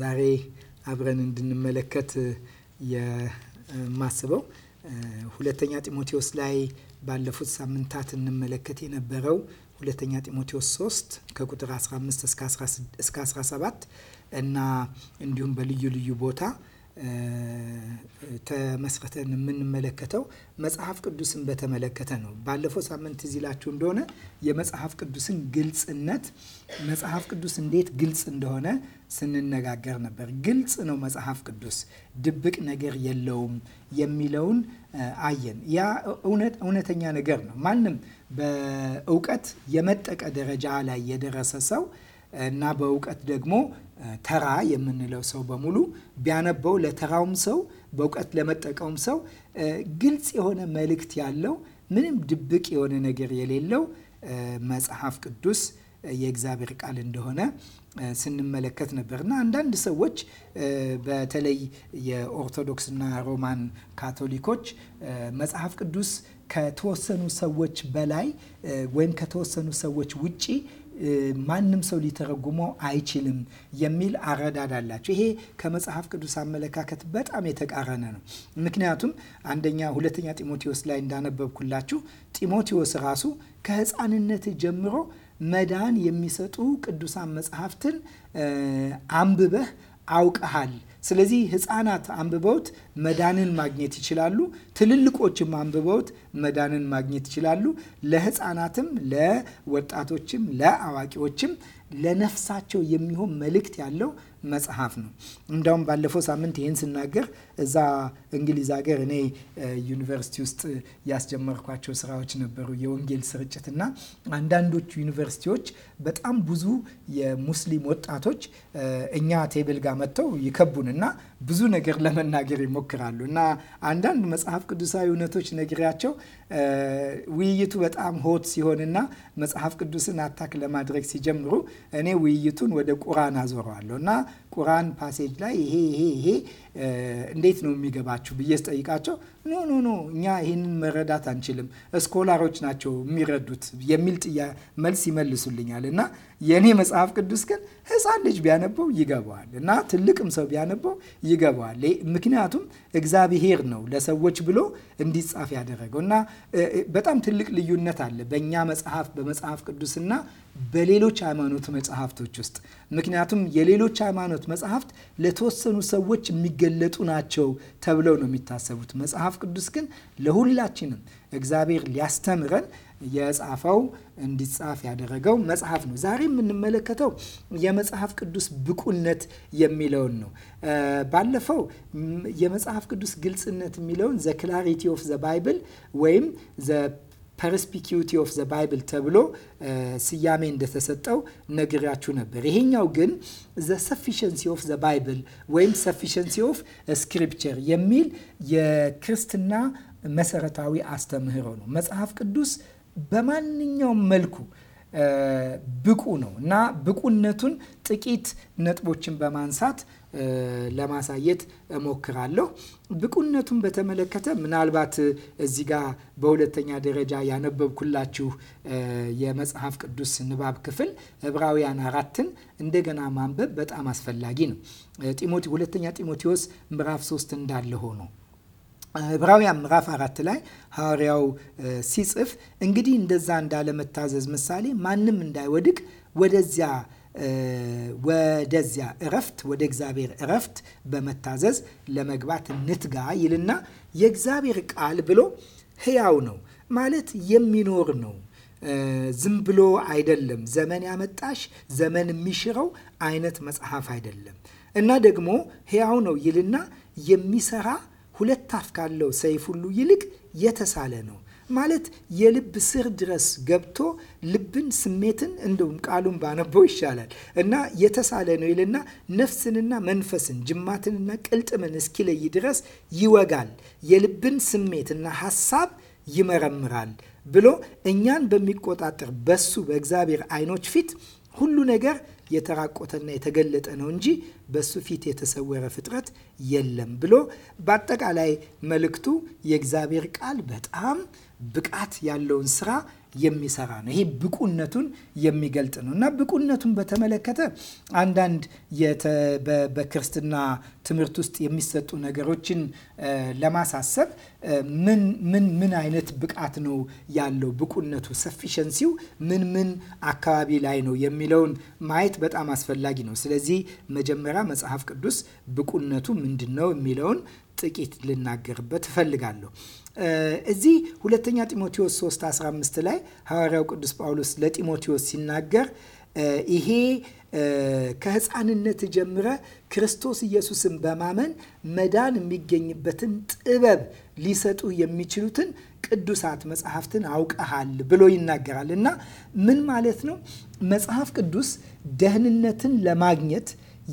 ዛሬ አብረን እንድንመለከት የማስበው ሁለተኛ ጢሞቴዎስ ላይ ባለፉት ሳምንታት እንመለከት የነበረው ሁለተኛ ጢሞቴዎስ 3 ከቁጥር 15 እስከ 17 እና እንዲሁም በልዩ ልዩ ቦታ ተመስረተን የምንመለከተው መጽሐፍ ቅዱስን በተመለከተ ነው። ባለፈው ሳምንት እዚህ ላችሁ እንደሆነ የመጽሐፍ ቅዱስን ግልጽነት መጽሐፍ ቅዱስ እንዴት ግልጽ እንደሆነ ስንነጋገር ነበር። ግልጽ ነው መጽሐፍ ቅዱስ ድብቅ ነገር የለውም የሚለውን አየን። ያ እውነተኛ ነገር ነው። ማንም በእውቀት የመጠቀ ደረጃ ላይ የደረሰ ሰው እና በእውቀት ደግሞ ተራ የምንለው ሰው በሙሉ ቢያነበው ለተራውም ሰው በእውቀት ለመጠቀውም ሰው ግልጽ የሆነ መልእክት ያለው ምንም ድብቅ የሆነ ነገር የሌለው መጽሐፍ ቅዱስ የእግዚአብሔር ቃል እንደሆነ ስንመለከት ነበር እና አንዳንድ ሰዎች በተለይ የኦርቶዶክስና ሮማን ካቶሊኮች መጽሐፍ ቅዱስ ከተወሰኑ ሰዎች በላይ ወይም ከተወሰኑ ሰዎች ውጪ ማንም ሰው ሊተረጉመው አይችልም የሚል አረዳድ አላቸው። ይሄ ከመጽሐፍ ቅዱስ አመለካከት በጣም የተቃረነ ነው። ምክንያቱም አንደኛ ሁለተኛ ጢሞቴዎስ ላይ እንዳነበብኩላችሁ ጢሞቴዎስ ራሱ ከህፃንነት ጀምሮ መዳን የሚሰጡ ቅዱሳን መጽሐፍትን አንብበህ አውቀሃል። ስለዚህ ህፃናት አንብበውት መዳንን ማግኘት ይችላሉ። ትልልቆችም አንብበውት መዳንን ማግኘት ይችላሉ። ለህፃናትም ለወጣቶችም፣ ለአዋቂዎችም ለነፍሳቸው የሚሆን መልእክት ያለው መጽሐፍ ነው። እንዳውም ባለፈው ሳምንት ይህን ስናገር እዛ እንግሊዝ ሀገር እኔ ዩኒቨርሲቲ ውስጥ ያስጀመርኳቸው ስራዎች ነበሩ፣ የወንጌል ስርጭት እና አንዳንዶቹ ዩኒቨርሲቲዎች በጣም ብዙ የሙስሊም ወጣቶች እኛ ቴብል ጋር መጥተው ይከቡን እና ብዙ ነገር ለመናገር ይሞክራሉ እና አንዳንድ መጽሐፍ ቅዱሳዊ እውነቶች ነግሪያቸው ውይይቱ በጣም ሆት ሲሆንና መጽሐፍ ቅዱስን አታክ ለማድረግ ሲጀምሩ እኔ ውይይቱን ወደ ቁራን አዞረዋለሁ እና ቁርአን ፓሴጅ ላይ ይሄ ይሄ ይሄ እንዴት ነው የሚገባችሁ ብዬ ስጠይቃቸው ኖ ኖ ኖ እኛ ይህንን መረዳት አንችልም፣ ስኮላሮች ናቸው የሚረዱት የሚል ጥያ መልስ ይመልሱልኛል። እና የእኔ መጽሐፍ ቅዱስ ግን ሕፃን ልጅ ቢያነበው ይገባዋል እና ትልቅም ሰው ቢያነበው ይገባዋል። ምክንያቱም እግዚአብሔር ነው ለሰዎች ብሎ እንዲጻፍ ያደረገው እና በጣም ትልቅ ልዩነት አለ በእኛ መጽሐፍ በመጽሐፍ ቅዱስና በሌሎች ሃይማኖት መጽሐፍቶች ውስጥ ምክንያቱም የሌሎች ሃይማኖት መጽሐፍት ለተወሰኑ ሰዎች የሚገ የሚገለጡ ናቸው ተብለው ነው የሚታሰቡት። መጽሐፍ ቅዱስ ግን ለሁላችንም እግዚአብሔር ሊያስተምረን የጻፈው እንዲጻፍ ያደረገው መጽሐፍ ነው። ዛሬ የምንመለከተው የመጽሐፍ ቅዱስ ብቁነት የሚለውን ነው። ባለፈው የመጽሐፍ ቅዱስ ግልጽነት የሚለውን ዘ ክላሪቲ ኦፍ ዘ ባይብል ወይም ፐርስፒኪዩቲ ኦፍ ዘ ባይብል ተብሎ ስያሜ እንደተሰጠው ነግሪያችሁ ነበር። ይሄኛው ግን ዘ ሰፊሽንሲ ኦፍ ዘ ባይብል ወይም ሰፊሽንሲ ኦፍ ስክሪፕቸር የሚል የክርስትና መሰረታዊ አስተምህሮ ነው። መጽሐፍ ቅዱስ በማንኛውም መልኩ ብቁ ነው እና ብቁነቱን ጥቂት ነጥቦችን በማንሳት ለማሳየት እሞክራለሁ። ብቁነቱን በተመለከተ ምናልባት እዚህ ጋር በሁለተኛ ደረጃ ያነበብኩላችሁ የመጽሐፍ ቅዱስ ንባብ ክፍል ዕብራውያን አራትን እንደገና ማንበብ በጣም አስፈላጊ ነው። ጢሞቴ ሁለተኛ ጢሞቴዎስ ምዕራፍ ሶስት እንዳለ ሆኖ ዕብራውያን ምዕራፍ አራት ላይ ሐዋርያው ሲጽፍ እንግዲህ እንደዛ እንዳለመታዘዝ ምሳሌ ማንም እንዳይወድቅ ወደዚያ ወደዚያ እረፍት ወደ እግዚአብሔር እረፍት በመታዘዝ ለመግባት ንትጋ ይልና የእግዚአብሔር ቃል ብሎ ህያው ነው ማለት የሚኖር ነው። ዝም ብሎ አይደለም። ዘመን ያመጣሽ ዘመን የሚሽረው አይነት መጽሐፍ አይደለም እና ደግሞ ህያው ነው ይልና የሚሰራ ሁለት አፍ ካለው ሰይፍ ሁሉ ይልቅ የተሳለ ነው። ማለት የልብ ስር ድረስ ገብቶ ልብን፣ ስሜትን እንደውም ቃሉን ባነበው ይሻላል እና የተሳለ ነው ይልና ነፍስንና መንፈስን ጅማትንና ቅልጥምን እስኪለይ ድረስ ይወጋል፣ የልብን ስሜትና ሀሳብ ይመረምራል ብሎ እኛን በሚቆጣጠር በሱ በእግዚአብሔር አይኖች ፊት ሁሉ ነገር የተራቆተና የተገለጠ ነው እንጂ በሱ ፊት የተሰወረ ፍጥረት የለም ብሎ በአጠቃላይ መልእክቱ የእግዚአብሔር ቃል በጣም ብቃት ያለውን ስራ የሚሰራ ነው። ይሄ ብቁነቱን የሚገልጥ ነው እና ብቁነቱን በተመለከተ አንዳንድ በክርስትና ትምህርት ውስጥ የሚሰጡ ነገሮችን ለማሳሰብ ምን ምን ምን አይነት ብቃት ነው ያለው ብቁነቱ ሰፊሸንሲው ምን ምን አካባቢ ላይ ነው የሚለውን ማየት በጣም አስፈላጊ ነው። ስለዚህ መጀመሪያ መጽሐፍ ቅዱስ ብቁነቱ ምንድን ነው የሚለውን ጥቂት ልናገርበት እፈልጋለሁ። እዚህ ሁለተኛ ጢሞቴዎስ 3 15 ላይ ሐዋርያው ቅዱስ ጳውሎስ ለጢሞቴዎስ ሲናገር ይሄ ከሕፃንነት ጀምረ ክርስቶስ ኢየሱስን በማመን መዳን የሚገኝበትን ጥበብ ሊሰጡ የሚችሉትን ቅዱሳት መጽሐፍትን አውቀሃል ብሎ ይናገራል እና ምን ማለት ነው? መጽሐፍ ቅዱስ ደህንነትን ለማግኘት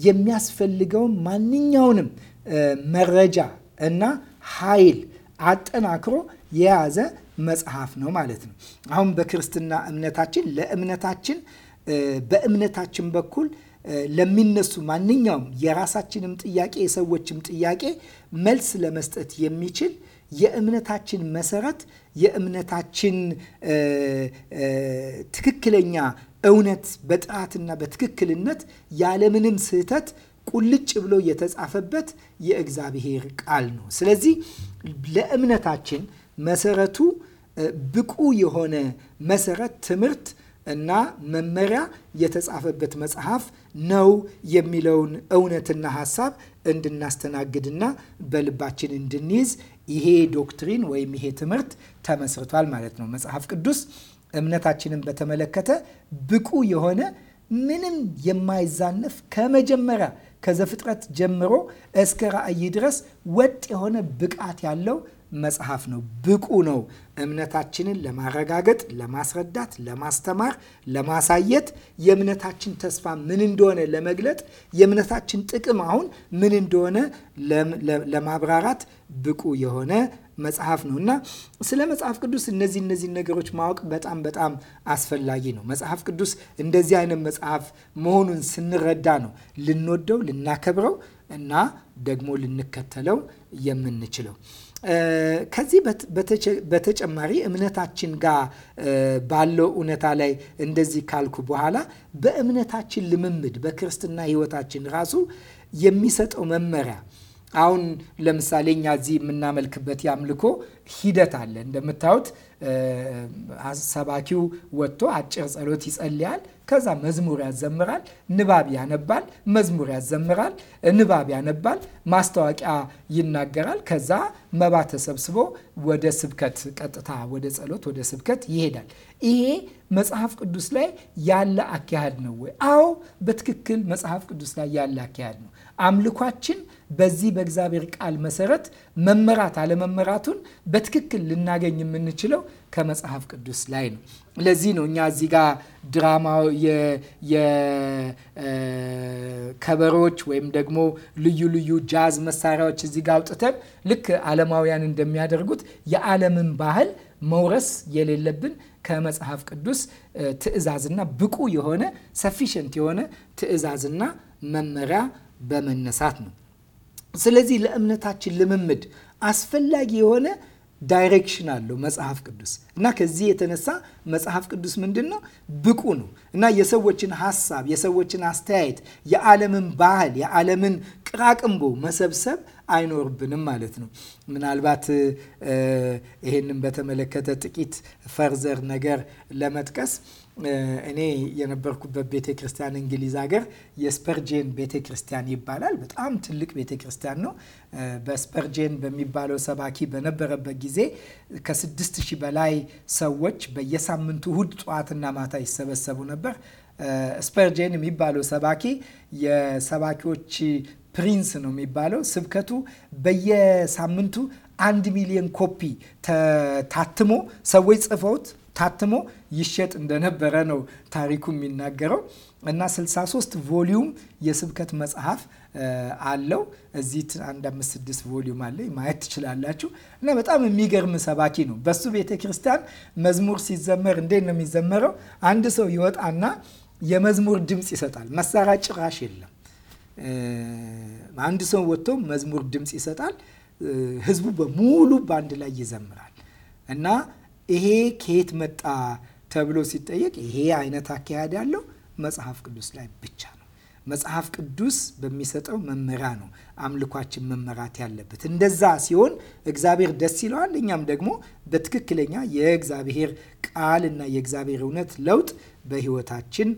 የሚያስፈልገውን ማንኛውንም መረጃ እና ኃይል አጠናክሮ የያዘ መጽሐፍ ነው ማለት ነው። አሁን በክርስትና እምነታችን ለእምነታችን በእምነታችን በኩል ለሚነሱ ማንኛውም የራሳችንም ጥያቄ የሰዎችም ጥያቄ መልስ ለመስጠት የሚችል የእምነታችን መሰረት የእምነታችን ትክክለኛ እውነት በጥራትና በትክክልነት ያለምንም ስህተት ቁልጭ ብሎ የተጻፈበት የእግዚአብሔር ቃል ነው። ስለዚህ ለእምነታችን መሰረቱ ብቁ የሆነ መሰረት ትምህርት እና መመሪያ የተጻፈበት መጽሐፍ ነው የሚለውን እውነትና ሀሳብ እንድናስተናግድና በልባችን እንድንይዝ ይሄ ዶክትሪን ወይም ይሄ ትምህርት ተመስርቷል ማለት ነው። መጽሐፍ ቅዱስ እምነታችንን በተመለከተ ብቁ የሆነ ምንም የማይዛነፍ ከመጀመሪያ ከዘፍጥረት ጀምሮ እስከ ራእይ ድረስ ወጥ የሆነ ብቃት ያለው መጽሐፍ ነው። ብቁ ነው እምነታችንን ለማረጋገጥ፣ ለማስረዳት፣ ለማስተማር፣ ለማሳየት የእምነታችን ተስፋ ምን እንደሆነ ለመግለጥ፣ የእምነታችን ጥቅም አሁን ምን እንደሆነ ለማብራራት ብቁ የሆነ መጽሐፍ ነው እና ስለ መጽሐፍ ቅዱስ እነዚህ እነዚህ ነገሮች ማወቅ በጣም በጣም አስፈላጊ ነው። መጽሐፍ ቅዱስ እንደዚህ አይነት መጽሐፍ መሆኑን ስንረዳ ነው ልንወደው፣ ልናከብረው እና ደግሞ ልንከተለው የምንችለው። ከዚህ በተጨማሪ እምነታችን ጋር ባለው እውነታ ላይ እንደዚህ ካልኩ በኋላ በእምነታችን ልምምድ በክርስትና ሕይወታችን ራሱ የሚሰጠው መመሪያ አሁን ለምሳሌ እኛ እዚህ የምናመልክበት የአምልኮ ሂደት አለ። እንደምታዩት ሰባኪው ወጥቶ አጭር ጸሎት ይጸልያል። ከዛ መዝሙር ያዘምራል፣ ንባብ ያነባል፣ መዝሙር ያዘምራል፣ ንባብ ያነባል፣ ማስታወቂያ ይናገራል። ከዛ መባ ተሰብስቦ ወደ ስብከት ቀጥታ ወደ ጸሎት ወደ ስብከት ይሄዳል። ይሄ መጽሐፍ ቅዱስ ላይ ያለ አካሄድ ነው ወይ? አዎ፣ በትክክል መጽሐፍ ቅዱስ ላይ ያለ አካሄድ ነው። አምልኳችን በዚህ በእግዚአብሔር ቃል መሰረት መመራት አለመመራቱን በትክክል ልናገኝ የምንችለው ከመጽሐፍ ቅዱስ ላይ ነው። ለዚህ ነው እኛ እዚህ ጋር ድራማ የከበሮች ወይም ደግሞ ልዩ ልዩ ጃዝ መሳሪያዎች እዚህ ጋር አውጥተን ልክ ዓለማውያን እንደሚያደርጉት የዓለምን ባህል መውረስ የሌለብን ከመጽሐፍ ቅዱስ ትዕዛዝና ብቁ የሆነ ሰፊሽንት የሆነ ትዕዛዝና መመሪያ በመነሳት ነው። ስለዚህ ለእምነታችን ልምምድ አስፈላጊ የሆነ ዳይሬክሽን አለው መጽሐፍ ቅዱስ እና ከዚህ የተነሳ መጽሐፍ ቅዱስ ምንድን ነው ብቁ ነው እና የሰዎችን ሀሳብ፣ የሰዎችን አስተያየት፣ የዓለምን ባህል፣ የዓለምን ቅራቅንቦ መሰብሰብ አይኖርብንም ማለት ነው። ምናልባት ይህንን በተመለከተ ጥቂት ፈርዘር ነገር ለመጥቀስ እኔ የነበርኩበት ቤተ ክርስቲያን እንግሊዝ ሀገር የስፐርጄን ቤተ ክርስቲያን ይባላል። በጣም ትልቅ ቤተ ክርስቲያን ነው። በስፐርጄን በሚባለው ሰባኪ በነበረበት ጊዜ ከስድስት ሺህ በላይ ሰዎች በየሳምንቱ እሁድ ጠዋትና ማታ ይሰበሰቡ ነበር። ስፐርጄን የሚባለው ሰባኪ የሰባኪዎች ፕሪንስ ነው የሚባለው። ስብከቱ በየሳምንቱ አንድ ሚሊዮን ኮፒ ታትሞ ሰዎች ጽፈውት ታትሞ ይሸጥ እንደነበረ ነው ታሪኩ የሚናገረው እና 63 ቮሊዩም የስብከት መጽሐፍ አለው። እዚህ አንድ አምስት ስድስት ቮሊዩም አለ ማየት ትችላላችሁ። እና በጣም የሚገርም ሰባኪ ነው። በሱ ቤተ ክርስቲያን መዝሙር ሲዘመር እንዴት ነው የሚዘመረው? አንድ ሰው ይወጣና የመዝሙር ድምፅ ይሰጣል። መሳሪያ ጭራሽ የለም። አንድ ሰው ወጥቶ መዝሙር ድምፅ ይሰጣል። ህዝቡ በሙሉ በአንድ ላይ ይዘምራል እና ይሄ ከየት መጣ ተብሎ ሲጠየቅ ይሄ አይነት አካሄድ ያለው መጽሐፍ ቅዱስ ላይ ብቻ ነው። መጽሐፍ ቅዱስ በሚሰጠው መመሪያ ነው አምልኳችን መመራት ያለበት። እንደዛ ሲሆን እግዚአብሔር ደስ ይለዋል። እኛም ደግሞ በትክክለኛ የእግዚአብሔር እና የእግዚአብሔር እውነት ለውጥ በህይወታችን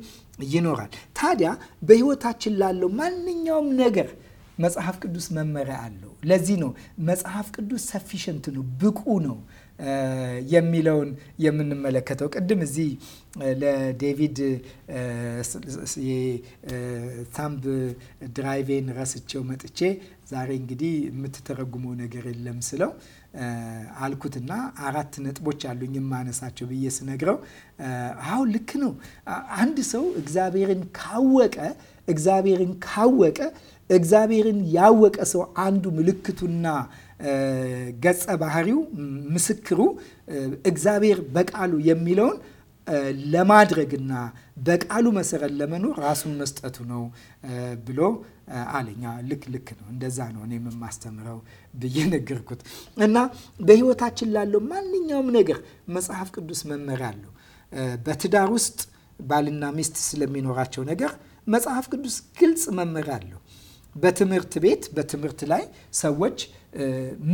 ይኖራል። ታዲያ በህይወታችን ላለው ማንኛውም ነገር መጽሐፍ ቅዱስ መመሪያ አለው። ለዚህ ነው መጽሐፍ ቅዱስ ሰፊሽንት ነው፣ ብቁ ነው የሚለውን የምንመለከተው ቅድም እዚህ ለዴቪድ ታምብ ድራይቬን ረስቼው መጥቼ ዛሬ እንግዲህ የምትተረጉመው ነገር የለም ስለው አልኩትና አራት ነጥቦች አሉኝ የማነሳቸው ብዬ ስነግረው፣ አሁ ልክ ነው። አንድ ሰው እግዚአብሔርን ካወቀ እግዚአብሔርን ካወቀ እግዚአብሔርን ያወቀ ሰው አንዱ ምልክቱና ገጸ ባህሪው ምስክሩ እግዚአብሔር በቃሉ የሚለውን ለማድረግና በቃሉ መሰረት ለመኖር ራሱን መስጠቱ ነው ብሎ አለኛ። ልክ ልክ ነው፣ እንደዛ ነው እኔ የማስተምረው ብዬ ነገርኩት እና በህይወታችን ላለው ማንኛውም ነገር መጽሐፍ ቅዱስ መመሪያ አለው። በትዳር ውስጥ ባልና ሚስት ስለሚኖራቸው ነገር መጽሐፍ ቅዱስ ግልጽ መመሪያ አለው። በትምህርት ቤት በትምህርት ላይ ሰዎች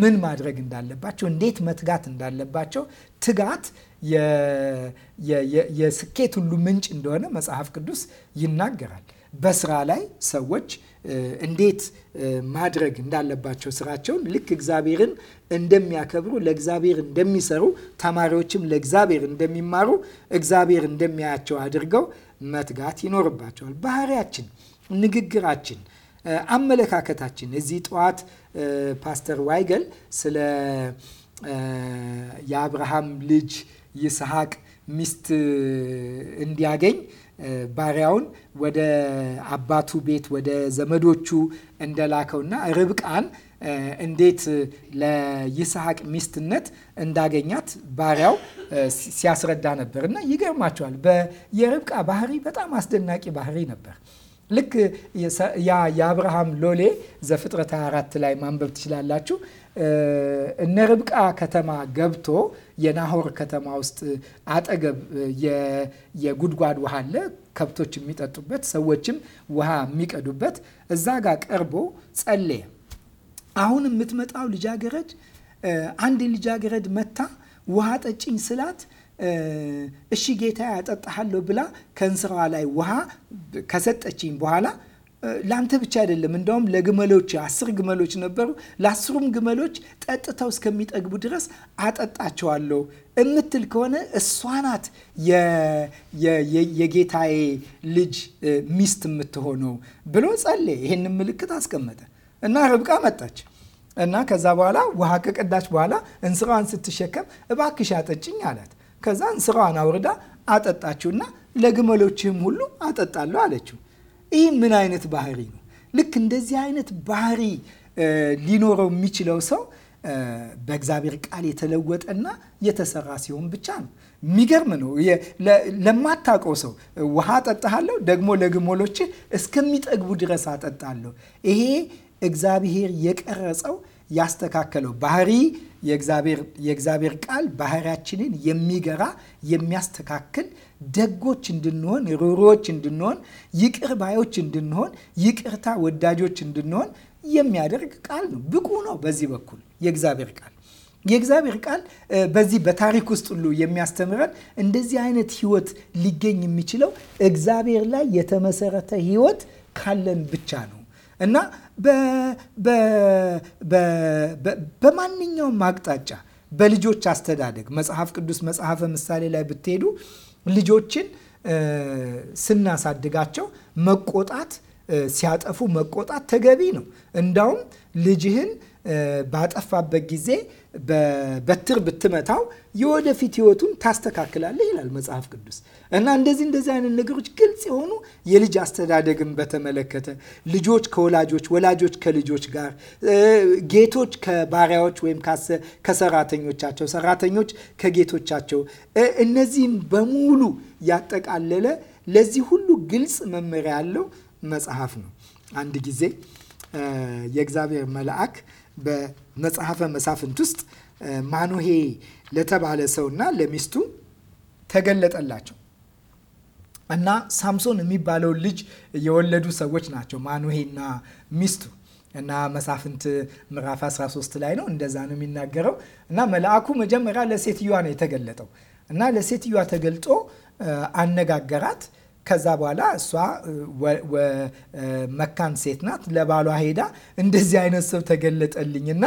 ምን ማድረግ እንዳለባቸው፣ እንዴት መትጋት እንዳለባቸው ትጋት የስኬት ሁሉ ምንጭ እንደሆነ መጽሐፍ ቅዱስ ይናገራል። በስራ ላይ ሰዎች እንዴት ማድረግ እንዳለባቸው ስራቸውን ልክ እግዚአብሔርን እንደሚያከብሩ ለእግዚአብሔር እንደሚሰሩ ተማሪዎችም ለእግዚአብሔር እንደሚማሩ እግዚአብሔር እንደሚያያቸው አድርገው መትጋት ይኖርባቸዋል። ባህሪያችን፣ ንግግራችን አመለካከታችን እዚህ ጠዋት ፓስተር ዋይገል ስለ የአብርሃም ልጅ ይስሐቅ ሚስት እንዲያገኝ ባሪያውን ወደ አባቱ ቤት ወደ ዘመዶቹ እንደላከውና ርብቃን እንዴት ለይስሐቅ ሚስትነት እንዳገኛት ባሪያው ሲያስረዳ ነበር እና ይገርማቸዋል። የርብቃ ባህሪ በጣም አስደናቂ ባህሪ ነበር። ልክ ያ የአብርሃም ሎሌ ዘፍጥረት 24 ላይ ማንበብ ትችላላችሁ። እነ ርብቃ ከተማ ገብቶ የናሆር ከተማ ውስጥ አጠገብ የጉድጓድ ውሃ አለ፣ ከብቶች የሚጠጡበት ሰዎችም ውሃ የሚቀዱበት። እዛ ጋር ቀርቦ ጸለየ። አሁን የምትመጣው ልጃገረድ አንድ ልጃገረድ መታ ውሃ ጠጭኝ ስላት እሺ ጌታ ያጠጣሃለሁ ብላ ከእንስራዋ ላይ ውሃ ከሰጠችኝ በኋላ ለአንተ ብቻ አይደለም፣ እንደውም ለግመሎች አስር ግመሎች ነበሩ። ለአስሩም ግመሎች ጠጥተው እስከሚጠግቡ ድረስ አጠጣቸዋለሁ እምትል ከሆነ እሷ ናት የጌታዬ ልጅ ሚስት የምትሆነው ብሎ ጸለየ። ይህን ምልክት አስቀመጠ እና ርብቃ መጣች እና ከዛ በኋላ ውሃ ከቀዳች በኋላ እንስራዋን ስትሸከም እባክሽ አጠጭኝ አላት። ከዛ እንስራዋን አውርዳ አጠጣችሁና ለግመሎችህም ሁሉ አጠጣለሁ አለችው። ይህ ምን አይነት ባህሪ ነው? ልክ እንደዚህ አይነት ባህሪ ሊኖረው የሚችለው ሰው በእግዚአብሔር ቃል የተለወጠና የተሰራ ሲሆን ብቻ ነው። የሚገርም ነው። ለማታውቀው ሰው ውሃ አጠጣሃለሁ፣ ደግሞ ለግመሎች እስከሚጠግቡ ድረስ አጠጣለሁ። ይሄ እግዚአብሔር የቀረጸው ያስተካከለው ባህሪ የእግዚአብሔር ቃል ባህሪያችንን የሚገራ የሚያስተካክል ደጎች እንድንሆን፣ ሩሮዎች እንድንሆን፣ ይቅር ባዮች እንድንሆን፣ ይቅርታ ወዳጆች እንድንሆን የሚያደርግ ቃል ነው። ብቁ ነው። በዚህ በኩል የእግዚአብሔር ቃል የእግዚአብሔር ቃል በዚህ በታሪክ ውስጥ ሁሉ የሚያስተምረን እንደዚህ አይነት ህይወት ሊገኝ የሚችለው እግዚአብሔር ላይ የተመሰረተ ህይወት ካለን ብቻ ነው እና በማንኛውም አቅጣጫ በልጆች አስተዳደግ መጽሐፍ ቅዱስ መጽሐፈ ምሳሌ ላይ ብትሄዱ ልጆችን ስናሳድጋቸው መቆጣት ሲያጠፉ መቆጣት ተገቢ ነው። እንዳውም ልጅህን ባጠፋበት ጊዜ በበትር ብትመታው የወደፊት ህይወቱን ታስተካክላለህ ይላል መጽሐፍ ቅዱስ። እና እንደዚህ እንደዚህ አይነት ነገሮች ግልጽ የሆኑ የልጅ አስተዳደግን በተመለከተ ልጆች ከወላጆች፣ ወላጆች ከልጆች ጋር፣ ጌቶች ከባሪያዎች ወይም ከሰራተኞቻቸው፣ ሰራተኞች ከጌቶቻቸው፣ እነዚህን በሙሉ ያጠቃለለ ለዚህ ሁሉ ግልጽ መመሪያ ያለው መጽሐፍ ነው። አንድ ጊዜ የእግዚአብሔር መልአክ በመጽሐፈ መሳፍንት ውስጥ ማኑሄ ለተባለ ሰውና ለሚስቱ ተገለጠላቸው እና ሳምሶን የሚባለውን ልጅ የወለዱ ሰዎች ናቸው ማኑሄና ሚስቱ እና መሳፍንት ምዕራፍ 13 ላይ ነው እንደዛ ነው የሚናገረው። እና መልአኩ መጀመሪያ ለሴትዮዋ ነው የተገለጠው እና ለሴትዮዋ ተገልጦ አነጋገራት። ከዛ በኋላ እሷ መካን ሴት ናት። ለባሏ ሄዳ እንደዚህ አይነት ሰው ተገለጠልኝና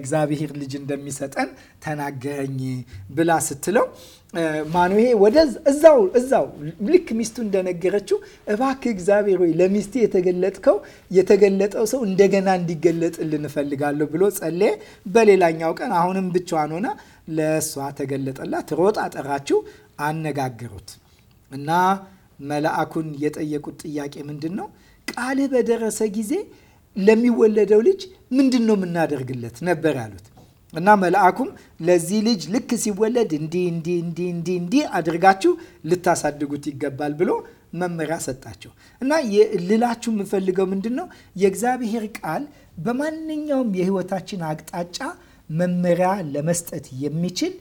እግዚአብሔር ልጅ እንደሚሰጠን ተናገረኝ ብላ ስትለው ማኑሄ ወደ እዛው እዛው ልክ ሚስቱ እንደነገረችው እባክህ እግዚአብሔር ሆይ ለሚስቴ የተገለጥከው የተገለጠው ሰው እንደገና እንዲገለጥልን እፈልጋለሁ ብሎ ጸለየ። በሌላኛው ቀን አሁንም ብቻዋን ሆና ለእሷ ተገለጠላት። ሮጣ ጠራችው፣ አነጋገሩት እና መልአኩን የጠየቁት ጥያቄ ምንድን ነው? ቃልህ በደረሰ ጊዜ ለሚወለደው ልጅ ምንድን ነው የምናደርግለት ነበር ያሉት እና መልአኩም ለዚህ ልጅ ልክ ሲወለድ እንዲህ እንዲህ እንዲህ እንዲህ እንዲህ አድርጋችሁ ልታሳድጉት ይገባል ብሎ መመሪያ ሰጣቸው እና ልላችሁ የምፈልገው ምንድን ነው የእግዚአብሔር ቃል በማንኛውም የህይወታችን አቅጣጫ መመሪያ ለመስጠት የሚችል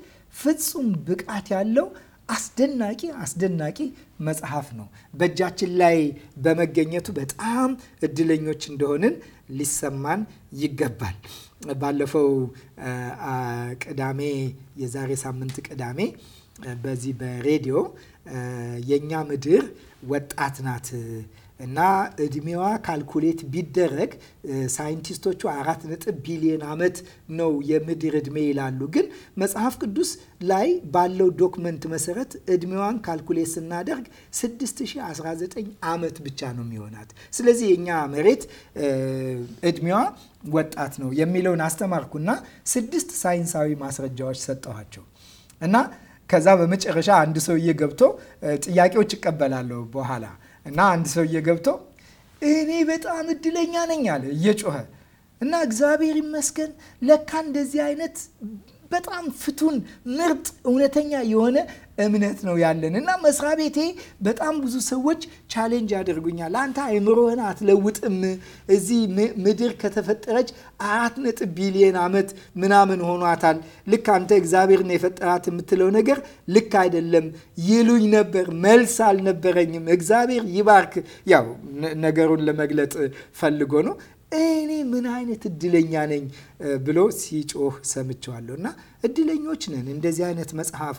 ፍጹም ብቃት ያለው አስደናቂ አስደናቂ መጽሐፍ ነው። በእጃችን ላይ በመገኘቱ በጣም እድለኞች እንደሆንን ሊሰማን ይገባል። ባለፈው ቅዳሜ፣ የዛሬ ሳምንት ቅዳሜ በዚህ በሬዲዮ የእኛ ምድር ወጣት ናት እና እድሜዋ ካልኩሌት ቢደረግ ሳይንቲስቶቹ አራት ነጥብ ቢሊዮን ዓመት ነው የምድር እድሜ ይላሉ። ግን መጽሐፍ ቅዱስ ላይ ባለው ዶክመንት መሰረት እድሜዋን ካልኩሌት ስናደርግ 6019 ዓመት ብቻ ነው የሚሆናት። ስለዚህ የእኛ መሬት እድሜዋ ወጣት ነው የሚለውን አስተማርኩና ስድስት ሳይንሳዊ ማስረጃዎች ሰጠኋቸው እና ከዛ በመጨረሻ አንድ ሰውዬ ገብቶ ጥያቄዎች ይቀበላለሁ በኋላ እና አንድ ሰውዬ ገብቶ እኔ በጣም እድለኛ ነኝ አለ እየጮኸ እና እግዚአብሔር ይመስገን ለካ እንደዚህ አይነት በጣም ፍቱን ምርጥ እውነተኛ የሆነ እምነት ነው ያለን እና መስሪያ ቤቴ በጣም ብዙ ሰዎች ቻሌንጅ ያደርጉኛል። አንተ አይምሮህን አትለውጥም። እዚህ ምድር ከተፈጠረች አራት ነጥብ ቢሊየን ዓመት ምናምን ሆኗታል። ልክ አንተ እግዚአብሔርን የፈጠራት የምትለው ነገር ልክ አይደለም ይሉኝ ነበር። መልስ አልነበረኝም። እግዚአብሔር ይባርክ። ያው ነገሩን ለመግለጥ ፈልጎ ነው እኔ ምን አይነት እድለኛ ነኝ ብሎ ሲጮህ ሰምቸዋለሁ። እና እድለኞች ነን። እንደዚህ አይነት መጽሐፍ፣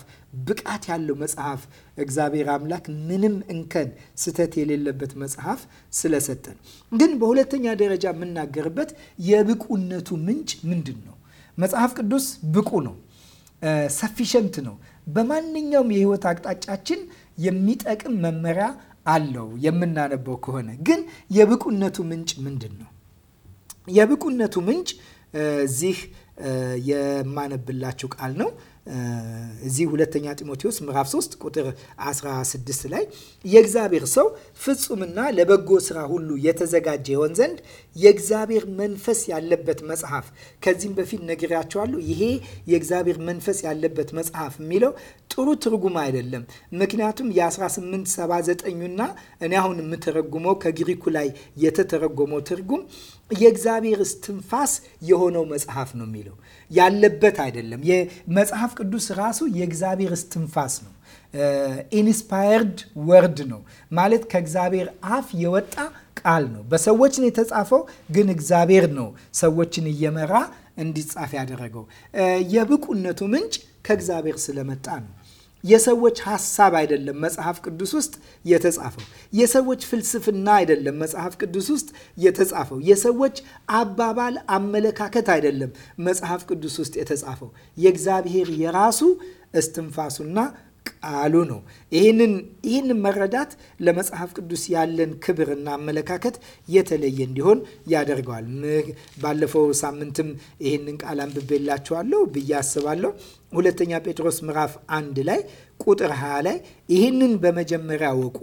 ብቃት ያለው መጽሐፍ፣ እግዚአብሔር አምላክ ምንም እንከን ስህተት የሌለበት መጽሐፍ ስለሰጠን። ግን በሁለተኛ ደረጃ የምናገርበት የብቁነቱ ምንጭ ምንድን ነው? መጽሐፍ ቅዱስ ብቁ ነው፣ ሰፊሸንት ነው። በማንኛውም የህይወት አቅጣጫችን የሚጠቅም መመሪያ አለው የምናነበው ከሆነ። ግን የብቁነቱ ምንጭ ምንድን ነው? የብቁነቱ ምንጭ እዚህ የማነብላችሁ ቃል ነው። እዚህ ሁለተኛ ጢሞቴዎስ ምዕራፍ 3 ቁጥር 16 ላይ የእግዚአብሔር ሰው ፍጹምና ለበጎ ስራ ሁሉ የተዘጋጀ ይሆን ዘንድ የእግዚአብሔር መንፈስ ያለበት መጽሐፍ ከዚህም በፊት ነግሬያቸዋለሁ። ይሄ የእግዚአብሔር መንፈስ ያለበት መጽሐፍ የሚለው ጥሩ ትርጉም አይደለም። ምክንያቱም የ1879ና እኔ አሁን የምተረጉመው ከግሪኩ ላይ የተተረጎመው ትርጉም የእግዚአብሔር እስትንፋስ የሆነው መጽሐፍ ነው የሚለው ያለበት አይደለም። የመጽሐፍ ቅዱስ ራሱ የእግዚአብሔር እስትንፋስ ነው። ኢንስፓየርድ ወርድ ነው ማለት ከእግዚአብሔር አፍ የወጣ ቃል ነው። በሰዎች ነው የተጻፈው፣ ግን እግዚአብሔር ነው ሰዎችን እየመራ እንዲጻፍ ያደረገው። የብቁነቱ ምንጭ ከእግዚአብሔር ስለመጣ ነው። የሰዎች ሀሳብ አይደለም መጽሐፍ ቅዱስ ውስጥ የተጻፈው። የሰዎች ፍልስፍና አይደለም መጽሐፍ ቅዱስ ውስጥ የተጻፈው። የሰዎች አባባል፣ አመለካከት አይደለም መጽሐፍ ቅዱስ ውስጥ የተጻፈው። የእግዚአብሔር የራሱ እስትንፋሱና ቃሉ ነው። ይህንን መረዳት ለመጽሐፍ ቅዱስ ያለን ክብርና አመለካከት የተለየ እንዲሆን ያደርገዋል። ባለፈው ሳምንትም ይህንን ቃል አንብቤላችኋለሁ ብዬ አስባለሁ። ሁለተኛ ጴጥሮስ ምዕራፍ አንድ ላይ ቁጥር 20 ላይ ይህንን በመጀመሪያ አወቁ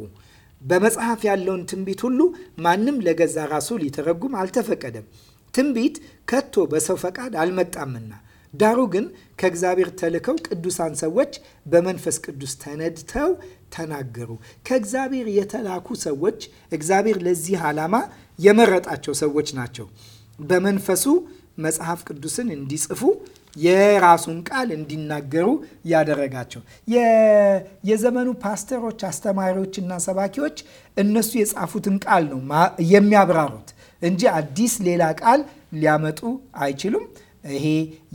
በመጽሐፍ ያለውን ትንቢት ሁሉ ማንም ለገዛ ራሱ ሊተረጉም አልተፈቀደም። ትንቢት ከቶ በሰው ፈቃድ አልመጣምና፣ ዳሩ ግን ከእግዚአብሔር ተልከው ቅዱሳን ሰዎች በመንፈስ ቅዱስ ተነድተው ተናገሩ። ከእግዚአብሔር የተላኩ ሰዎች እግዚአብሔር ለዚህ ዓላማ የመረጣቸው ሰዎች ናቸው። በመንፈሱ መጽሐፍ ቅዱስን እንዲጽፉ የራሱን ቃል እንዲናገሩ ያደረጋቸው። የዘመኑ ፓስተሮች፣ አስተማሪዎችና ሰባኪዎች እነሱ የጻፉትን ቃል ነው የሚያብራሩት እንጂ አዲስ ሌላ ቃል ሊያመጡ አይችሉም። ይሄ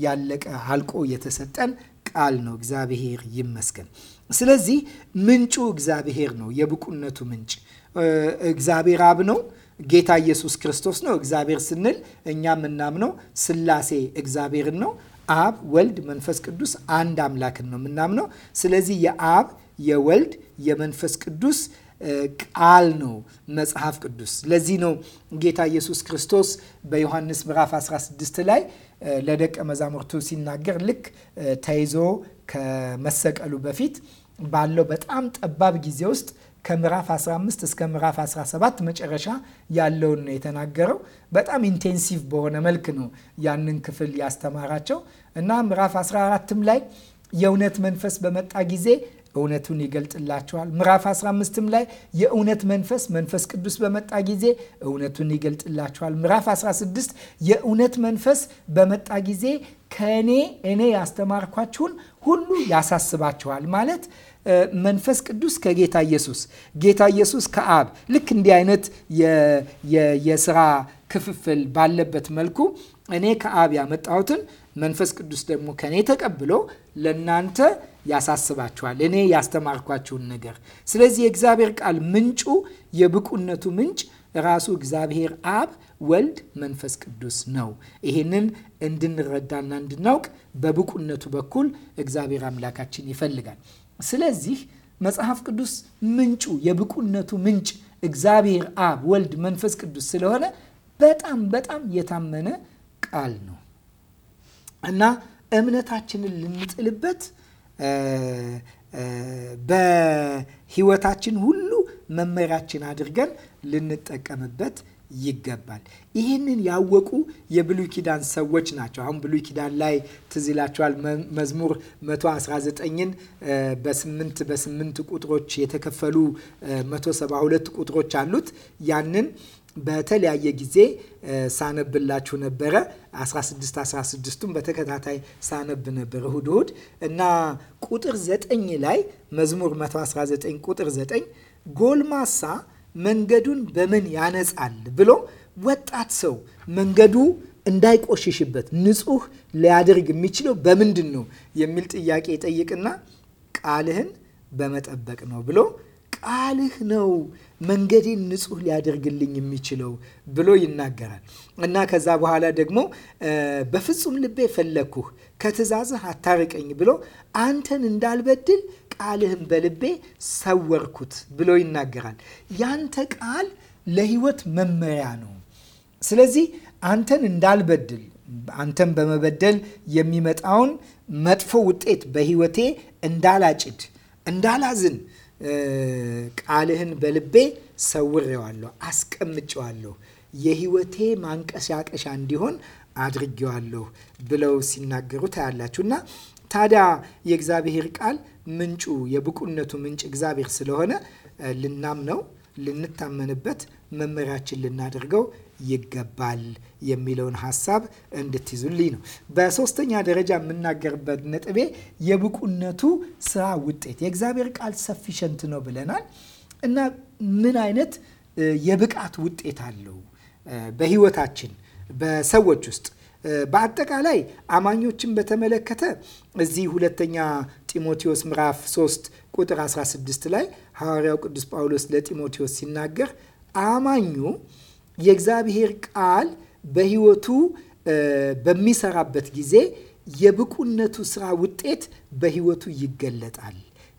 ያለቀ አልቆ የተሰጠን ቃል ነው። እግዚአብሔር ይመስገን። ስለዚህ ምንጩ እግዚአብሔር ነው። የብቁነቱ ምንጭ እግዚአብሔር አብ ነው። ጌታ ኢየሱስ ክርስቶስ ነው። እግዚአብሔር ስንል እኛ የምናምነው ስላሴ እግዚአብሔርን ነው። አብ፣ ወልድ፣ መንፈስ ቅዱስ አንድ አምላክን ነው የምናምነው። ስለዚህ የአብ የወልድ የመንፈስ ቅዱስ ቃል ነው መጽሐፍ ቅዱስ። ለዚህ ነው ጌታ ኢየሱስ ክርስቶስ በዮሐንስ ምዕራፍ 16 ላይ ለደቀ መዛሙርቱ ሲናገር ልክ ተይዞ ከመሰቀሉ በፊት ባለው በጣም ጠባብ ጊዜ ውስጥ ከምዕራፍ 15 እስከ ምዕራፍ 17 መጨረሻ ያለውን ነው የተናገረው። በጣም ኢንቴንሲቭ በሆነ መልክ ነው ያንን ክፍል ያስተማራቸው እና ምዕራፍ 14ም ላይ የእውነት መንፈስ በመጣ ጊዜ እውነቱን ይገልጥላቸዋል። ምዕራፍ 15ም ላይ የእውነት መንፈስ መንፈስ ቅዱስ በመጣ ጊዜ እውነቱን ይገልጥላቸዋል። ምዕራፍ 16 የእውነት መንፈስ በመጣ ጊዜ ከእኔ እኔ ያስተማርኳችሁን ሁሉ ያሳስባቸዋል ማለት መንፈስ ቅዱስ ከጌታ ኢየሱስ ጌታ ኢየሱስ ከአብ ልክ እንዲህ አይነት የስራ ክፍፍል ባለበት መልኩ እኔ ከአብ ያመጣሁትን መንፈስ ቅዱስ ደግሞ ከእኔ ተቀብሎ ለእናንተ ያሳስባችኋል፣ እኔ ያስተማርኳችሁን ነገር። ስለዚህ የእግዚአብሔር ቃል ምንጩ የብቁነቱ ምንጭ ራሱ እግዚአብሔር አብ፣ ወልድ፣ መንፈስ ቅዱስ ነው። ይሄንን እንድንረዳና እንድናውቅ በብቁነቱ በኩል እግዚአብሔር አምላካችን ይፈልጋል። ስለዚህ መጽሐፍ ቅዱስ ምንጩ የብቁነቱ ምንጭ እግዚአብሔር አብ፣ ወልድ፣ መንፈስ ቅዱስ ስለሆነ በጣም በጣም የታመነ ቃል ነው እና እምነታችንን ልንጥልበት በህይወታችን ሁሉ መመሪያችን አድርገን ልንጠቀምበት ይገባል። ይህንን ያወቁ የብሉይ ኪዳን ሰዎች ናቸው። አሁን ብሉይ ኪዳን ላይ ትዝ ይላቸዋል። መዝሙር 119ን በስምንት በስምንት ቁጥሮች የተከፈሉ 172 ቁጥሮች አሉት። ያንን በተለያየ ጊዜ ሳነብላችሁ ነበረ 16 16ቱም በተከታታይ ሳነብ ነበር እሁድ እሁድ እና ቁጥር 9 ላይ መዝሙር 119 ቁጥር 9 ጎልማሳ መንገዱን በምን ያነጻል ብሎ ወጣት ሰው መንገዱ እንዳይቆሽሽበት ንጹህ ሊያደርግ የሚችለው በምንድን ነው የሚል ጥያቄ ይጠይቅና ቃልህን በመጠበቅ ነው ብሎ ቃልህ ነው መንገዴን ንጹህ ሊያደርግልኝ የሚችለው ብሎ ይናገራል እና ከዛ በኋላ ደግሞ በፍጹም ልቤ ፈለግኩህ ከትእዛዝህ አታርቀኝ ብሎ አንተን እንዳልበድል ቃልህን በልቤ ሰወርኩት ብሎ ይናገራል። ያንተ ቃል ለህይወት መመሪያ ነው። ስለዚህ አንተን እንዳልበድል አንተን በመበደል የሚመጣውን መጥፎ ውጤት በህይወቴ እንዳላጭድ እንዳላዝን ቃልህን በልቤ ሰውሬዋለሁ፣ አስቀምጨዋለሁ፣ የህይወቴ ማንቀሳቀሻ እንዲሆን አድርጌዋለሁ ብለው ሲናገሩ ታያላችሁ እና ታዲያ የእግዚአብሔር ቃል ምንጩ የብቁነቱ ምንጭ እግዚአብሔር ስለሆነ ልናምነው ልንታመንበት መመሪያችን ልናደርገው ይገባል የሚለውን ሀሳብ እንድትይዙልኝ ነው። በሶስተኛ ደረጃ የምናገርበት ነጥቤ የብቁነቱ ስራ ውጤት የእግዚአብሔር ቃል ሰፊሸንት ነው ብለናል እና ምን አይነት የብቃት ውጤት አለው በህይወታችን በሰዎች ውስጥ በአጠቃላይ አማኞችን በተመለከተ እዚህ ሁለተኛ ጢሞቴዎስ ምዕራፍ 3 ቁጥር 16 ላይ ሐዋርያው ቅዱስ ጳውሎስ ለጢሞቴዎስ ሲናገር አማኙ የእግዚአብሔር ቃል በህይወቱ በሚሰራበት ጊዜ የብቁነቱ ስራ ውጤት በህይወቱ ይገለጣል